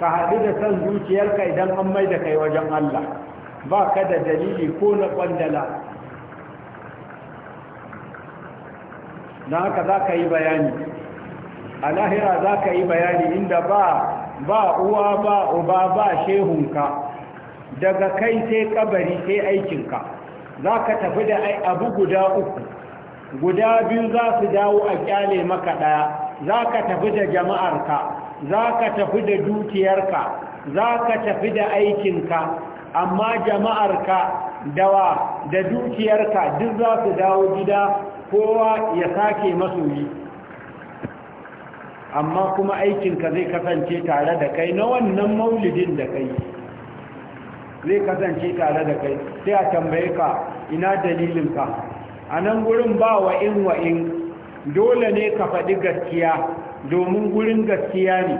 ka haɗu da san zuciyarka idan an mai da kai wajen Allah ba ka da dalili ko na ƙwandala na haka za ka yi bayani a lahira za ka yi bayani inda ba ba uwa ba uba ba shehunka daga kai sai kabari sai aikinka za ka tafi da abu guda uku guda biyu za su dawo a kyale maka ɗaya za ka tafi da jama'arka za ka tafi da dukiyarka za ka tafi da aikinka amma jama'arka dawa da dukiyarka duk za su dawo gida kowa ya sake masoyi amma kuma aikinka zai kasance tare da kai na wannan maulidin da kai zai kasance tare da kai sai a tambaye ka ina dalilinka a nan gurin ba wa'in wa'in dole ne ka faɗi gaskiya domin gurin gaskiya ne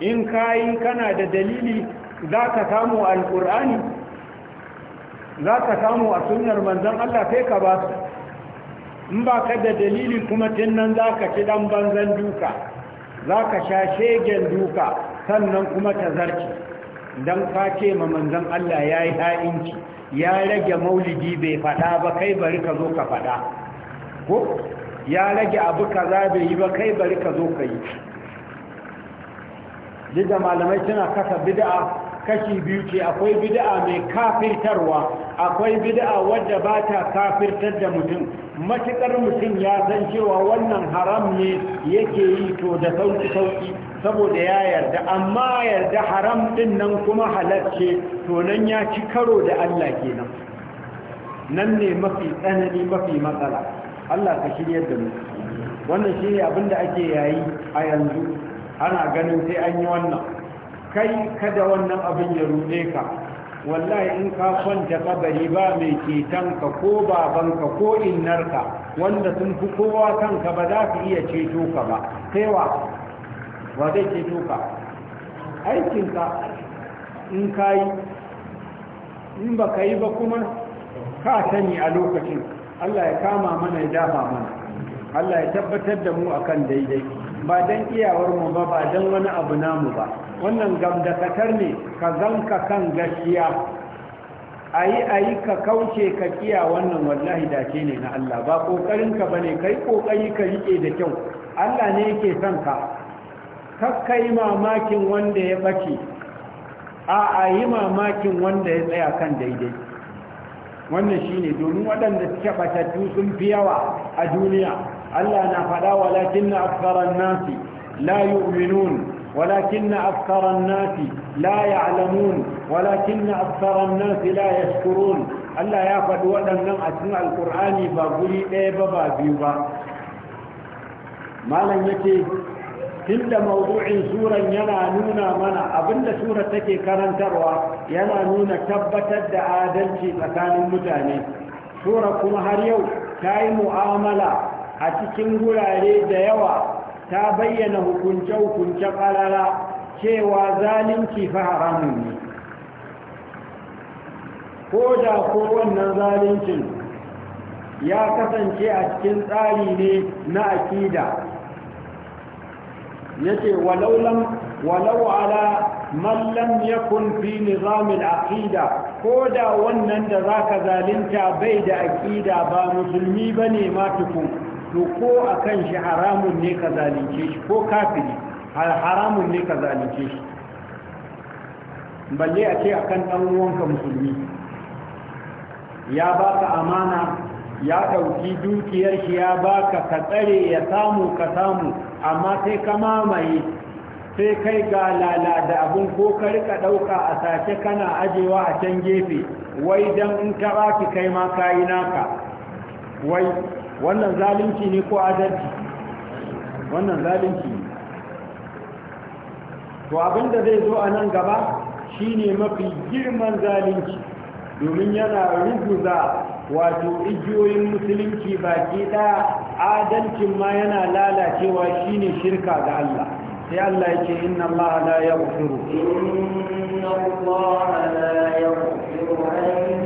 in kayi kana da dalili za ka samu alƙur'ani za ka samu a sunnar manzan Allah sai ka ba in ba ka da dalili kuma tun nan za ka ci ɗan banzan duka za ka sha shegen duka sannan kuma ta zarci don ka ce ma manzan Allah ya yi ha'inci ya rage maulidi bai faɗa ba kai bari ka zo ka faɗa ko ya rage abu ka za bai yi ba kai bari ka zo ka yi duk malamai suna kasa bid'a kashi biyu ce akwai bid'a mai kafirtarwa akwai bid'a wadda ba ta kafirtar da mutum matuƙar mutum ya san cewa wannan haram ne yake yi to da sauƙi-sauƙi saboda ya yarda amma yarda haram ɗin nan kuma halarce to nan ya ci karo da Allah kenan nan ne mafi tsanani mafi matsala Allah ka shiryar da mu wannan shi ne abin da ake yayi a yanzu ana ganin sai an yi wannan kai kada wannan abin ya rude ka wallahi in ka kwanta kabari ba mai ka ko baban ka ko ka wanda sun fi kowa kanka ba za ka iya ceto ka ba sai wa wa zai ceto ka aikinka in ka yi in ba ka yi ba kuma ka sani a lokacin Allah ya kama mana ya dafa mana Allah ya tabbatar da mu akan daidai ba dan iyawar mu ba ba dan wani abu namu ba wannan gamdakatar ne ka zanka kan gaskiya ayi ayi ka kauce ka kiya wannan wallahi dace ne na Allah ba kokarin ka bane kai kokari ka rike da kyau Allah ne yake son ka kakkai mamakin wanda ya bace a a yi mamakin wanda ya tsaya kan daidai wannan shine domin wadanda suke batattu sun fi yawa a duniya Allah na fada walakin na aksaran nasi la yu'minun ولكن أكثر الناس لا يعلمون ولكن أكثر nasi la yashkurun Allah ya fadi wadannan a cikin alkur'ani ba guri daya ba ba biyu ba malam yake tunda mawdu'in suran yana nuna mana abinda surar take karantarwa yana nuna tabbatar da adalci tsakanin mutane sura kuma har yau ta yi mu'amala a cikin gurare da yawa ta bayyana hukunce-hukunce ƙarara cewa zalunci fa haramun ne ko da ko wannan zaluncin ya kasance a cikin tsari ne na akida yace walau lam walau ala man lam yakun fi nizam al-aqida da wannan da zaka zalunta bai da aqida ba musulmi bane ma tukun to ko akan shi haramun ne ka zalunce shi ko kafiri haramun ne ka zalunce shi balle a ce akan dan uwanka musulmi ya baka amana ya ɗauki dukiyar shi ya baka ka tsare ya samu ka samu amma sai ka mamaye sai kai ga lala da abun ko ka rika ɗauka a sace kana ajewa a can gefe wai dan in ka baki kai ma kayi naka wai wannan zalunci ne ko adalci wannan zalunci ne to abinda zai zo a nan gaba shine mafi girman zalunci domin yana ruguza wato igiyoyin musulunci baki ɗaya adalcin ma yana lalacewa shine shirka ga Allah sai Allah yake inna Allah la yaghfiru inna
Allah la yaghfiru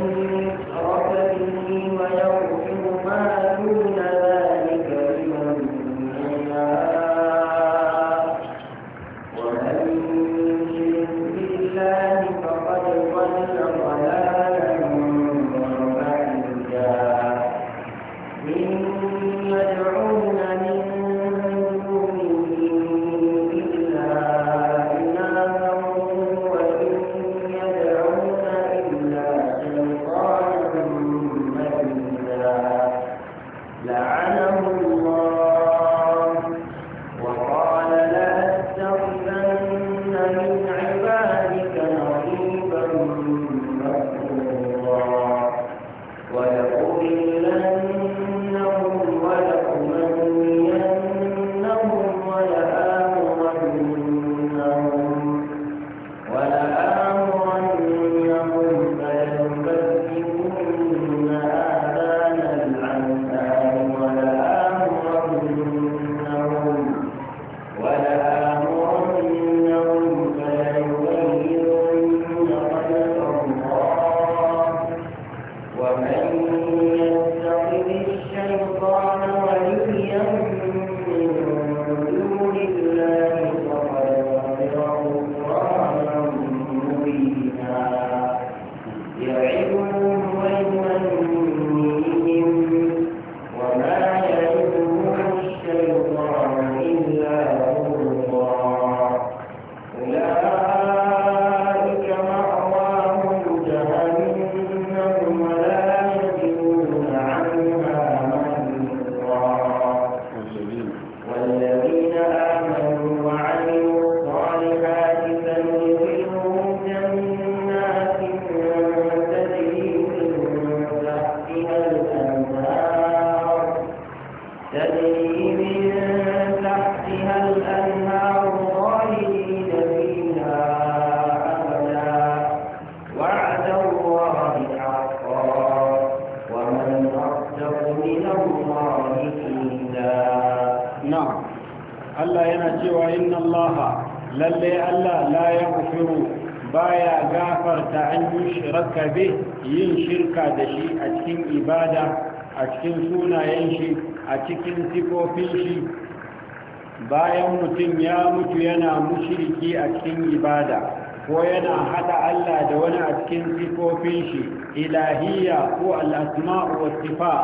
mushiriki a cikin ibada ko yana hada Allah da wani a cikin sifofin shi ilahiyya ko al'asma'u wa sifa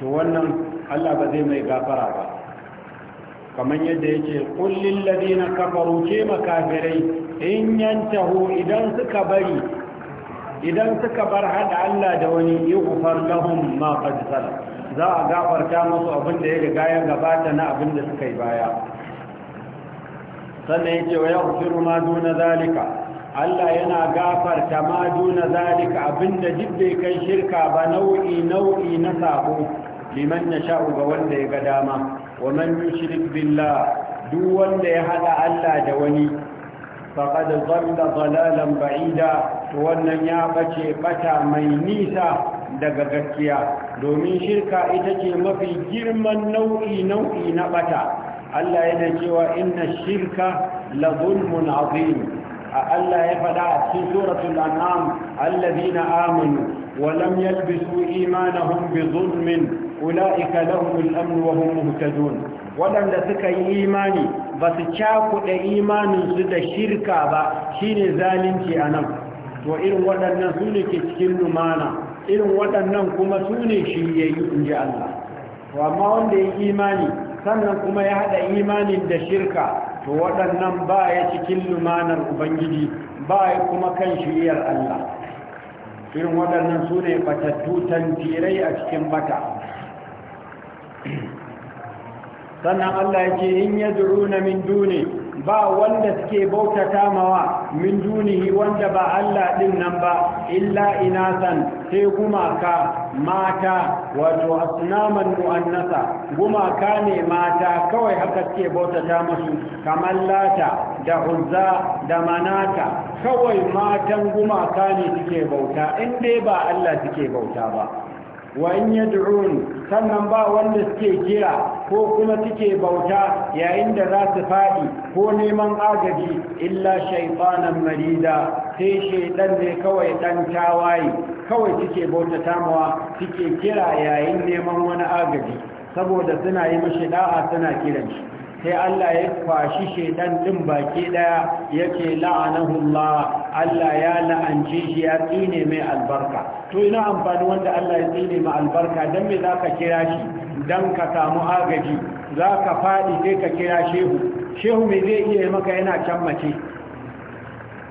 to wannan Allah ba zai mai gafara ba kamar yadda ce kullin ladina kafaru ce makafirai in yantahu idan suka bari idan suka bar hada Allah da wani yughfar lahum ma qad za a gafarta musu abin da ya riga ya gabata na abin da suka yi baya sannan yake wa yaghfiru ma duna zalika Allah yana gafarta ma duna zalika abinda duk bai kai shirka ba nau'i nau'i na sako, liman yasha'u ga wanda ya ga dama wa man yushrik billah duk wanda ya hada Allah da wani faqad dhalla dhalalan ba'ida wannan ya bace bata mai nisa daga gaskiya domin shirka ita ce mafi girman nau'i nau'i na bata Allah yana cewa inna shirka la zulmun azim a Allah ya faɗa a cikin suratul an'am alladhina amanu wa lam yalbisu imanahum bi zulmin ulaika lahum al-amn wa hum muhtadun wadanda suka yi imani ba su cakuɗe imanin su da shirka ba shine zalunci anan to irin waɗannan su ne ke cikin lumana irin waɗannan kuma su ne shiryayyu in ji Allah amma wanda ya imani sannan kuma ya haɗa imanin da shirka to waɗannan ba ya cikin lumanar ubangiji ba ya kuma kan shiriyar Allah irin waɗannan su ne batattu tantirai a cikin bata sannan Allah ya ce in ya na min duni ba wanda suke bautata mawa min dunihi wanda ba Allah ɗin nan ba illa ina san sai gumaka mata wato asnaman mu'annasa gumaka ne mata kawai haka suke bautata musu kamar lata da huzza da manata kawai matan gumaka ne suke bauta in dai ba Allah suke bauta ba wa in yad'un sannan ba wanda suke kira ko kuma suke bauta yayin da za su faɗi ko neman agaji illa shaifanan marida sai shaidan ne kawai ɗan tawaye kawai suke bauta tamawa suke kira yayin neman wani agaji saboda suna yi mashi suna kiran shi sai Allah ya kwashi shedan din baki daya yake la'anahullah Allah ya la'anci shi ya tsine mai albarka to ina amfani wanda Allah ya tsine mai albarka dan me zaka kira shi dan ka samu agaji zaka fadi sai ka kira shehu shehu me zai iya maka yana can mace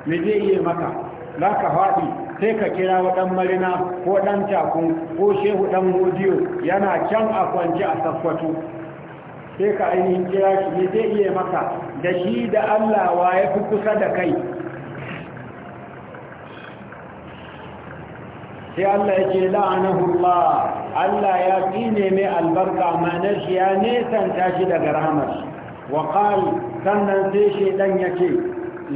me zai iya maka zaka fadi sai ka kira wadan marina ko dan takun ko shehu dan godiyo yana can a kwance a sakkwato sai ka ainihin kira shi ne zai iya maka da shi da Allah wa ya fi kusa da kai sai Allah ya ce la'anahullah Allah ya fi mai albarka ma'anar shi ya nesanta tashi daga rahamar wa qal sannan sai ɗan yake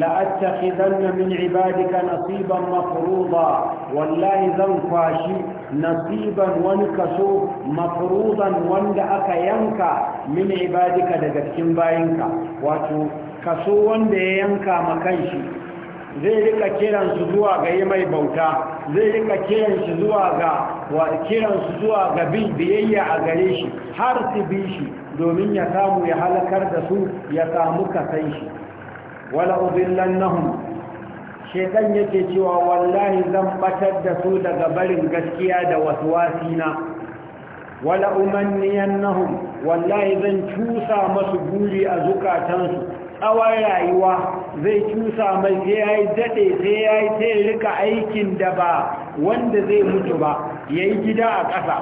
la'attakhidhanna min ibadika nasiban mafruḍa wallahi zan kwashi nasiban wani kaso mafruzan wanda aka yanka min ibadika daga cikin bayinka wato kaso wanda ya yanka makan shi zai rika kiran su zuwa ga yi mai bauta zai rika kiran shi zuwa ga kiran su zuwa ga biyayya a gare shi har su bi shi domin ya samu ya halakar da su ya samu kasan shi wala ubillannahum shekan yake cewa wallahi zan batar da su daga barin gaskiya da waswasi na wala umanniyannahum wallahi zan cusa masu buri a zukatansu tsawon rayuwa zai cusa mai sai ya yi daɗe sai ya yi sai rika aikin da ba wanda zai mutu ba ya yi gida a ƙasa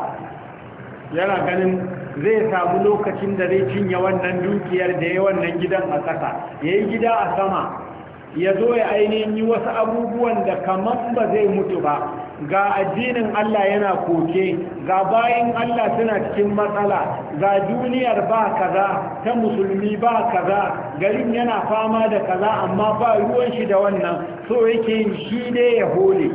yana ganin zai samu lokacin da zai cinye wannan dukiyar da ya wannan gidan a ƙasa ya yi gida a sama ya zo ya ainihin yi wasu abubuwan da kamar ba zai mutu ba ga addinin Allah yana koke ga bayan Allah suna cikin matsala ga duniyar ba kaza ta musulmi ba kaza garin yana fama da kaza amma ba ruwan shi da wannan so yake shi ne ya hole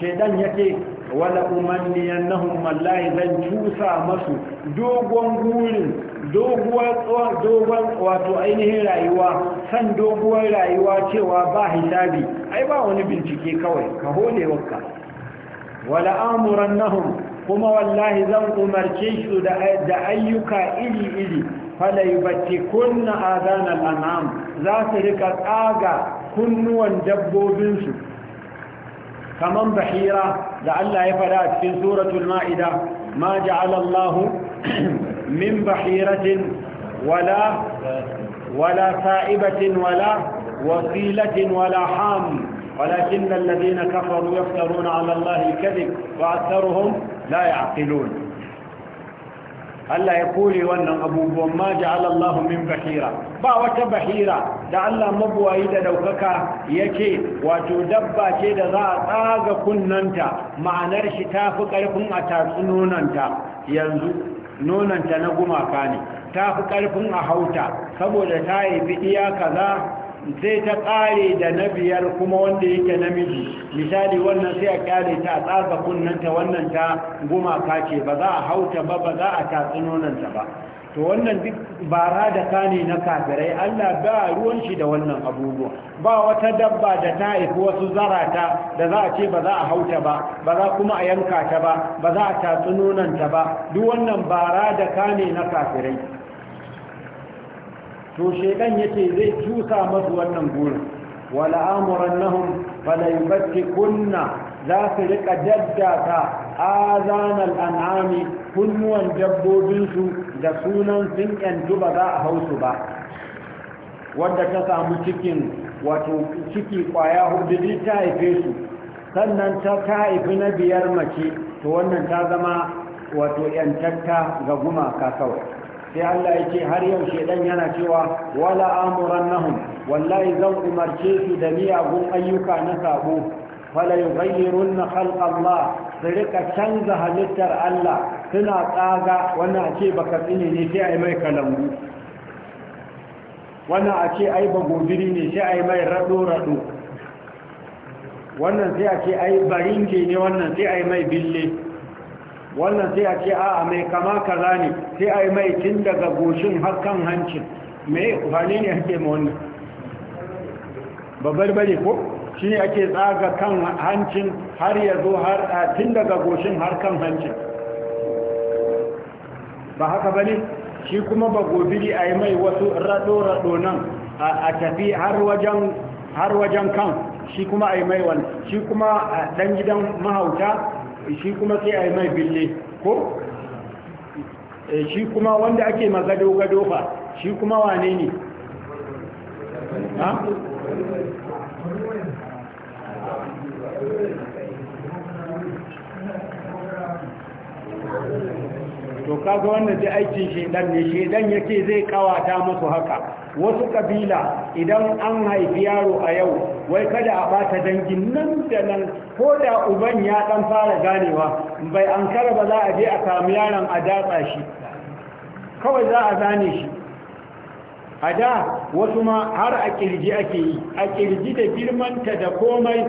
shaidan yake wala nahu, wallahi zan cusa masu dogon gurin doguwar wato ainihin rayuwa san doguwar rayuwa cewa ba hisabi ai ba wani bincike kawai ka hole wakka wala amurannahum kuma wallahi zan umarce su da ayyuka iri-iri fala yubtikunna adana al za su rika tsaga kunnuwan dabbobinsu كمن بحيرة لعل يفلات في سورة المائدة ما جعل الله [clears throat] من بحيرة ولا ولا سائبة ولا وصيلة ولا حام ولكن الذين كفروا يفترون على الله الكذب وأكثرهم لا يعقلون Allah ya kore wannan abubuwan ma ja'ala al'allahu min bahira ba wata bahira da Allah mabuwayi da daukaka yake wato dabba ce da za a tsaga kunnanta ma'anar shi tafi ƙarfin a tatsu nonanta yanzu nonanta na gumaka ne tafi karfin a hauta saboda ta yi iya kaza Zai ta ƙare da na biyar kuma wanda yake namiji misali wannan sai a ƙare ta a tsaga kunnanta wannan ta gumaka ce ba za a hauta ba ba za a tatsi nonanta ba to wannan duk bara da kane na kafirai Allah ba ruwan shi da wannan abubuwa ba wata dabba da ta haifi wasu zarata da za a ce ba za a hauta ba ba za kuma a yanka ta ba ba za a tatsi ta ba duk wannan bara da kane na kafirai to shekan yace zai cusa masu wannan burin wala amurannahum fala kunna za su rika daddata azanal an'ami kunnuwan dabbobinsu da sunan sun yantu ba za a hausu ba wanda ta samu cikin wato ciki kwaya hudu ta haife su sannan ta haifi na biyar mace to wannan ta zama wato yantakka ga gumaka kawai sai Allah ya ce har yau shedan yana cewa wala amuran amurannahum wallahi zan umarce su da miyagun ayyuka na sabo fala yughayyirunna khalq Allah su rika canza halittar Allah suna tsaga wannan a ce baka tsine ne sai ai mai kalangu wannan a ce ai bagobiri ne sai ai mai rado rado wannan sai a ce ai baringe ne wannan sai ai mai bille wannan sai a ce a'a mai kama kaza ne sai a yi mai tun daga goshin har kan hancin mai wane ne ake ma wannan babbar bare ko shi ne ake tsaga kan hancin har ya zo har tun daga goshin har kan hancin ba haka ba ne shi kuma ba gobiri a yi mai wasu rado-rado nan a tafi har wajen kan shi kuma a yi mai wani shi kuma dan gidan mahauta shi kuma sai a yi mai bille ko eh, shi kuma wanda ake magado-gado fa shi kuma wane ne ha
to kaga wannan
da aikin shedan ne shedan yake zai kawata musu haka wasu kabila idan an haifi yaro a yau wai kada a bata dangin nan da nan ko da uban ya dan fara ganewa bai an ba za a je a samu yaron a datsa shi kawai za a zane shi a da wasu ma har a kirji ake yi a kirji da girmanta da komai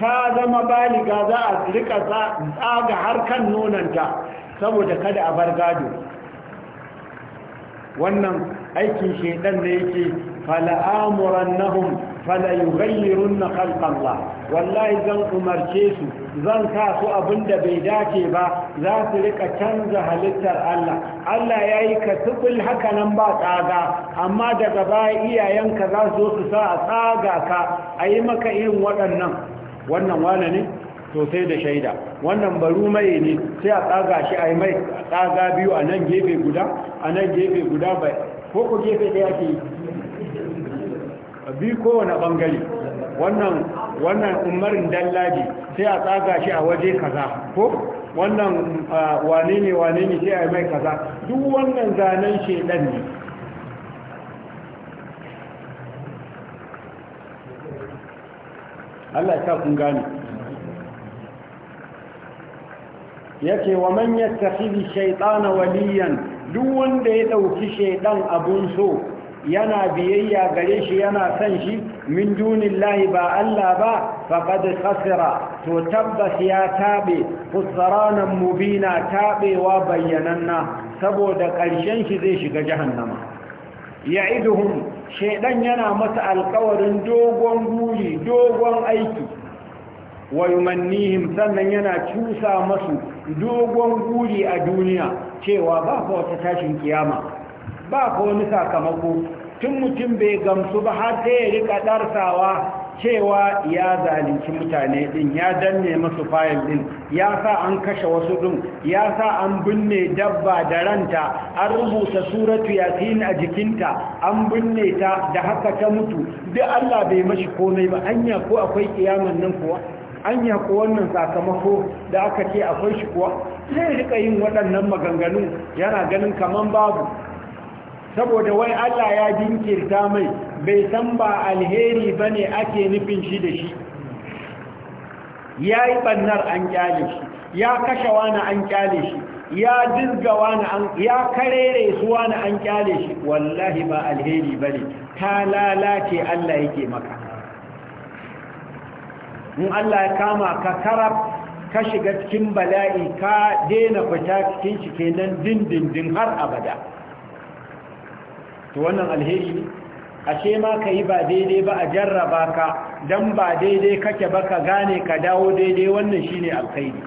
ta zama baliga za a rika tsaga har kan nonanta saboda kada a bar gado wannan aikin shaidan ne yake fala'amurannahum fala yughayyirunna khalqallah wallahi zan umarce su zan sa su abinda bai dace ba za su rika canza halittar Allah Allah yayi ka tubul haka nan ba tsaga amma daga baya iyayenka za su zo su sa a tsaga ka ayi maka irin waɗannan wannan wane ne to da shaida wannan baru mai ne sai a tsaga shi ayi mai tsaga biyu a nan gefe guda a nan gefe guda ko ku gefe ɗaya ke bi kowane ɓangare wannan wannan umarin dallaji sai a tsaga shi a waje kaza ko wannan wane ne wane ne sai a mai kaza duk wannan zanen shedan ne Allah ya kun gane yake wa man yattakhidhi shaytana waliyan duk wanda ya ɗauki shaidan abun so yana biyayya gare shi yana san shi min dunillahi ba Allah ba faqad khasira to tabbas ya tabe fusranan mubina tabewa bayyananna saboda ƙarshen shi zai shiga jahannama ya'iduhum shaidan yana masa alkawarin dogon guri dogon aiki wa yumannihim sannan yana cusa masu dogon guri a duniya cewa ba fa wata tashin kiyama ba fa wani sakamako tun mutum bai gamsu ba har sai ya rika darsawa cewa ya zalunci mutane din ya danne masu fayil din ya sa an kashe wasu din ya sa an binne dabba da ranta an rubuta suratu yasin a jikinta an binne ta da haka ta mutu duk Allah bai mashi komai ba anya ko akwai kiyaman nan kuwa an yaku wannan sakamako da aka ce akwai shi kuwa sai rika yin waɗannan maganganu yana ganin kamar babu saboda wai Allah ya jinkirta mai bai san ba alheri ba ne ake nufin shi da shi ya yi ɓannar an kyale shi ya kashe wani an kyale shi ya dizga wani an ya karere su wani an kyale shi wallahi ba alheri bane ta lalace Allah yake maka in Allah ya kama ka karab ka shiga cikin bala'i ka daina fita cikin shi kenan dindindin har abada to wannan alheri ashe ma ka yi ba daidai ba a jarraba ka don ba daidai kake ba ka gane ka dawo daidai wannan shine alkhairi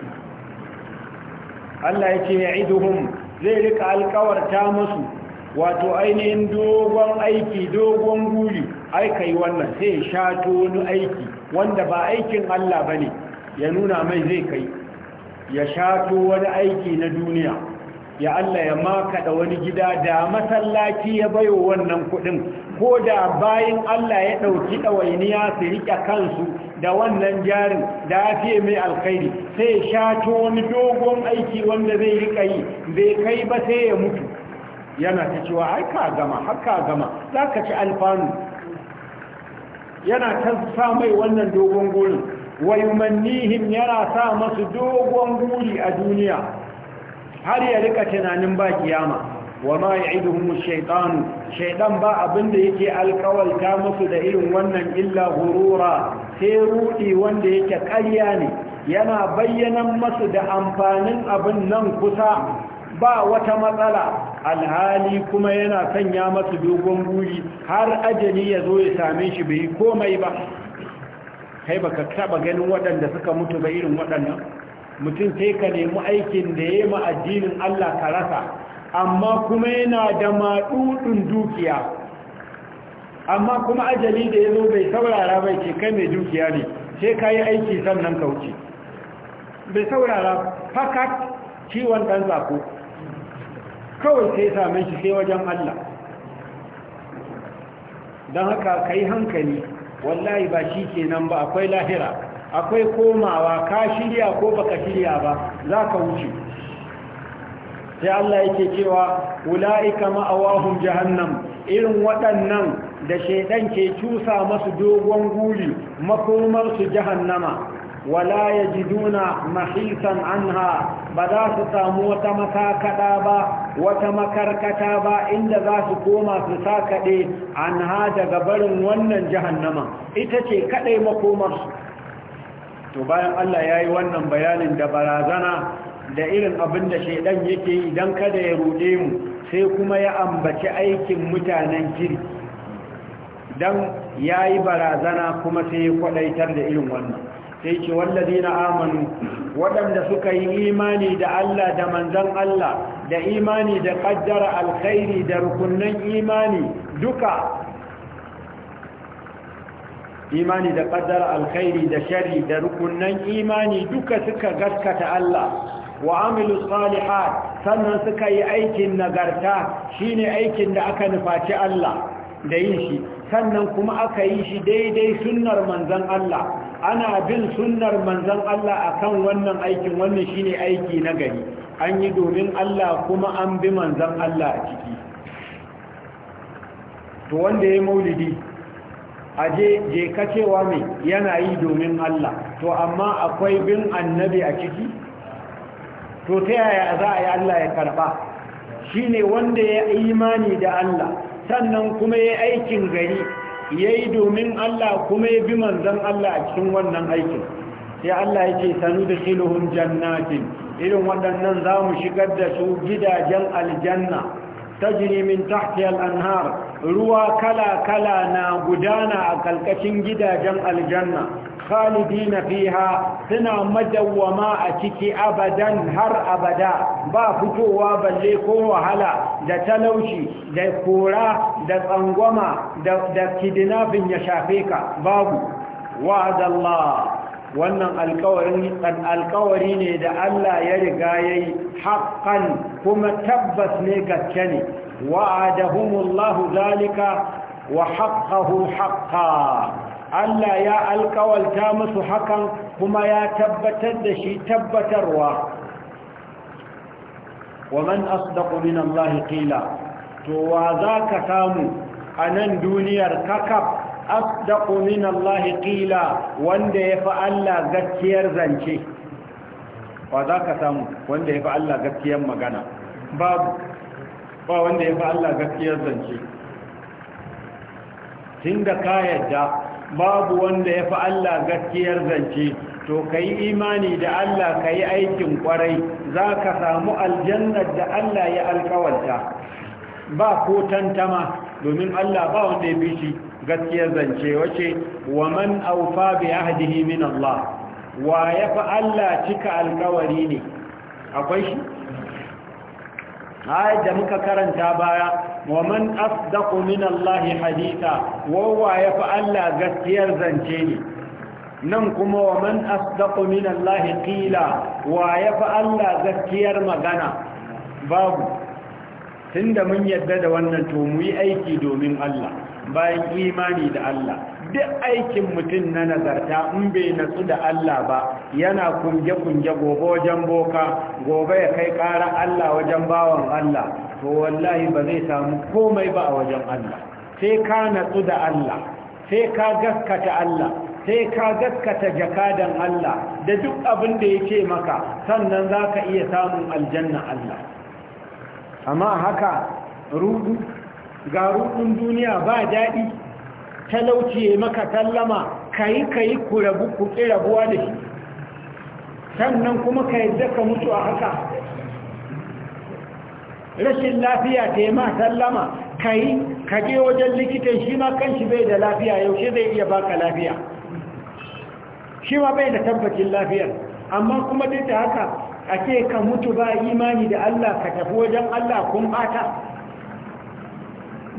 Allah ya ce ya iduhum zai rika alkawarta musu wato ainihin dogon aiki dogon guri ai kai wannan sai shato wani aiki wanda ba aikin Allah ba ne ya nuna mai zai kai ya shato wani aiki na duniya ya Allah ya maka da wani gida da masallaci ya bayo wannan kuɗin ko da bayin Allah ya ɗauki ɗawainiya su riƙe kansu da wannan jarin da ya mai alkhairi sai shato wani dogon aiki wanda zai riƙa yi zai kai ba sai ya mutu yana ta cewa haka ka gama har gama za ka ci alfanu yana ta sa mai wannan dogon guri. waimannihim yana sa masu dogon guri a duniya har ya rika tunanin ba kiyama wa ma ya'iduhum ash-shaytan shaytan ba abinda yake alkawalta musu da irin wannan illa hurura sai rudi wanda yake ƙarya ne yana bayyana masu da amfanin abin nan kusa ba wata matsala alhali kuma yana sanya masu dogon buri har ajali ya zo ya same shi bai komai ba kai ba taba ganin waɗanda suka mutu ba irin waɗannan mutum sai ka nemi aikin da ya yi addinin Allah ka rasa amma kuma yana da maɗuɗin dukiya amma kuma ajali da yazo bai saurara bai ce kai mai dukiya ne sai ka yi aiki sannan ka wuce bai saurara fakat ciwon ɗan zafo kawai sai same shi sai wajen Allah don haka ka yi hankali wallahi ba shi kenan ba akwai lahira akwai komawa ka shirya ko baka shirya ba za ka wuce sai Allah yake cewa ula'ika ma'awahum jahannam irin waɗannan da shaidan ke cusa masu dogon guri makomarsu jahannama wala ya jiduna mahisan anha ba za su samu wata makakada ba wata makarkata ba inda za su koma su sakaɗe anha daga barin wannan jahannama ita ce kaɗai makomarsu to bayan Allah ya yi wannan bayanin da barazana da irin abin da shaidan yake yi don kada ya ruɗe mu sai kuma ya ambaci aikin mutanen kiri don ya yi barazana kuma sai ya kwaɗaitar da irin wannan sai ce wallazi na amanu waɗanda suka yi imani da Allah da manzan Allah da imani da ƙaddara alkhairi da rukunan imani duka imani da ƙaddara alkhairi da shari da rukunan imani duka suka gaskata Allah wa amilu salihat sannan suka yi aikin nagarta shine aikin da aka nufaci Allah da yin shi sannan kuma aka yi shi daidai sunnar manzan Allah ana bin sunnar manzon Allah akan wannan aikin wannan shine aiki na gari an yi domin Allah kuma an bi manzon Allah a ciki to wanda ya maulidi aje je ka cewa me yana yi domin Allah to amma akwai bin annabi a ciki to ta yaya za a yi Allah ya karba shine wanda ya imani da Allah sannan kuma ya aikin gari ya yi domin Allah kuma ya bi manzan Allah a cikin wannan aikin sai Allah ya ce sanu da shiluhun jannatin irin waɗannan za mu shigar da su gidajen aljanna ta jirimin tahtiyar anhar ruwa kala-kala na gudana a kalkashin gidajen aljanna khalidina fiha suna madawwama a ciki abadan har abada ba fitowa balle ko wahala da talauci da kora da tsangwama da kidinafin ya shafe ka babu wa'adallah wannan alkawari ne da Allah ya riga ya yi haƙƙan kuma tabbas ne gaske ne wa'adahumullahu zalika wa haƙƙahu haƙƙa Allah ya alkawalta musu hakan kuma ya tabbatar da shi tabbatarwa waman asdaqu min Allah qila to wa zaka samu a nan duniyar kakab asdaqu min Allah qila wanda yafi Allah gaskiyar zance wa zaka samu wanda yafi Allah gaskiyar magana babu ba wanda yafi Allah gaskiyar zance tunda ka yadda babu wanda ya fi Allah gaskiyar zance to ka yi imani da Allah ka yi aikin kwarai za ka samu aljannar da Allah ya alkawarta ba ko tantama domin Allah ba wanda ya gaskiyar zance wace wa man aufa bi ahdihi min Allah wa ya fi Allah cika alkawari ne akwai shi Ai da muka karanta baya wa man asdaqu min Allah haditha wawa ya fa Allah gaskiyar zance ne nan kuma wa man asdaqu min Allah qila wa ya fa Allah gaskiyar magana babu tunda mun yadda da wannan to mu yi aiki domin Allah bayan imani da Allah duk aikin mutum na nazarta in bai natsu da Allah ba yana kunge-kunge gobe wajen boka gobe ya kai ƙara Allah wajen bawan Allah to wallahi ba zai samu komai ba a wajen Allah sai ka natsu da Allah sai ka gaskata Allah sai ka gaskata jakadan Allah da duk abin da yake maka sannan za ka iya samun aljanna Allah amma haka rudu ga rudun duniya ba daɗi talauci maka tallama ka kayi ku rabu ku ƙi rabuwa da shi sannan kuma ka yadda ka mutu a haka rashin lafiya ta ma sallama ka ka je wajen likitan shi ma kanshi bai da lafiya yaushe zai iya baka lafiya shi ma bai da tabbacin lafiyar amma kuma duk da haka a ce ka mutu ba imani da Allah ka tafi wajen Allah kun bata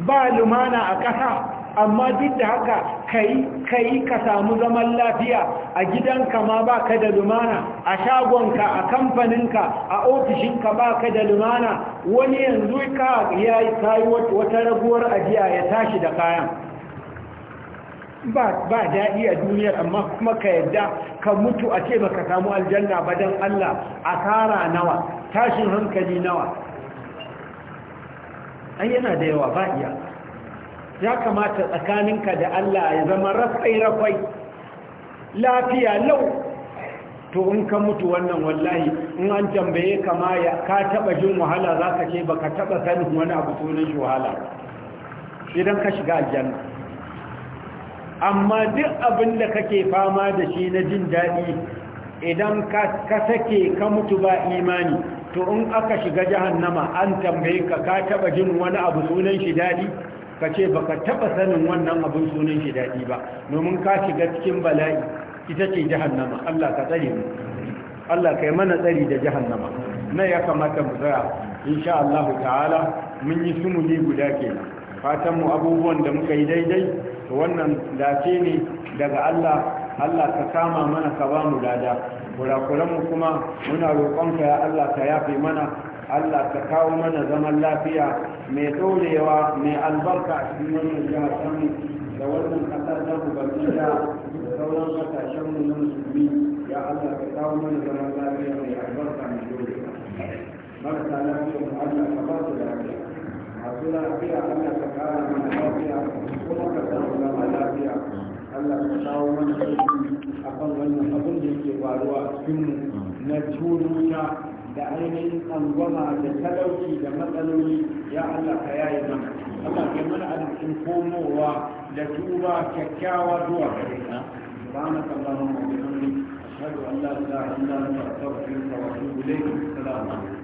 ba lumana a ƙasa amma duk da haka kai kai ka samu zaman lafiya a gidanka ma ba ka da lumana a shagonka a kamfaninka a ofishinka ba ka da lumana wani yanzu ka yi kai wata raguwar ajiya ya tashi da kayan ba ba daɗi a duniyar amma kuma ka yadda ka mutu a ce baka samu aljanna ba dan Allah A asara nawa tashin hankali nawa ai yana da yawa ba iya ya kamata tsakaninka da Allah ya zama rafai-rafai lafiya lau to in ka mutu wannan wallahi in an tambaye ka ma ya ka taba jin wahala za ka ce ba ka taba sanin wani abu sunan shi wahala idan ka shiga aljanna amma duk abin da kake fama da shi na jin daɗi idan ka sake ka mutu ba imani to in aka shiga jahannama an tambaye ka ka taba jin wani abu sunan shi daɗi ka ce ba ka taɓa sanin wannan abin sunan shi daɗi ba domin ka shiga cikin bala'i ita ce jahannama Allah ka tsare mu Allah kai mana tsari da jahannama na ya kamata mu tsaya insha Allah ta'ala mun yi ne guda kenan fatan mu abubuwan da muka yi daidai to wannan dace ne daga Allah Allah ka kama mana ka ba mu lada kurakuran mu kuma muna roƙonka ya Allah ka yafe mana Allah ka kawo mana zaman lafiya mai dorewa mai albarka a cikin wannan jihar Kano da wannan ƙasar ta Ubangida da sauran kasashen mu na musulmi ya Allah ka kawo mana zaman lafiya mai albarka
mai dorewa marasa lafiya mu Allah ka ba su lafiya masu lafiya Allah ka kawo mana lafiya kuma ka samu zama lafiya Allah ka kawo
mana lafiya a kan wannan abin da yake faruwa a cikinmu na curuta da ainihin tsangwama da talauci da matsaloli ya Allah ka yaye mana Allah ka mana arzikin komowa da tuba kyakkyawa zuwa gare ka سبحانك اللهم وبحمدك أشهد أن لا إله إلا أنت أستغفرك وأتوب إليك
السلام عليكم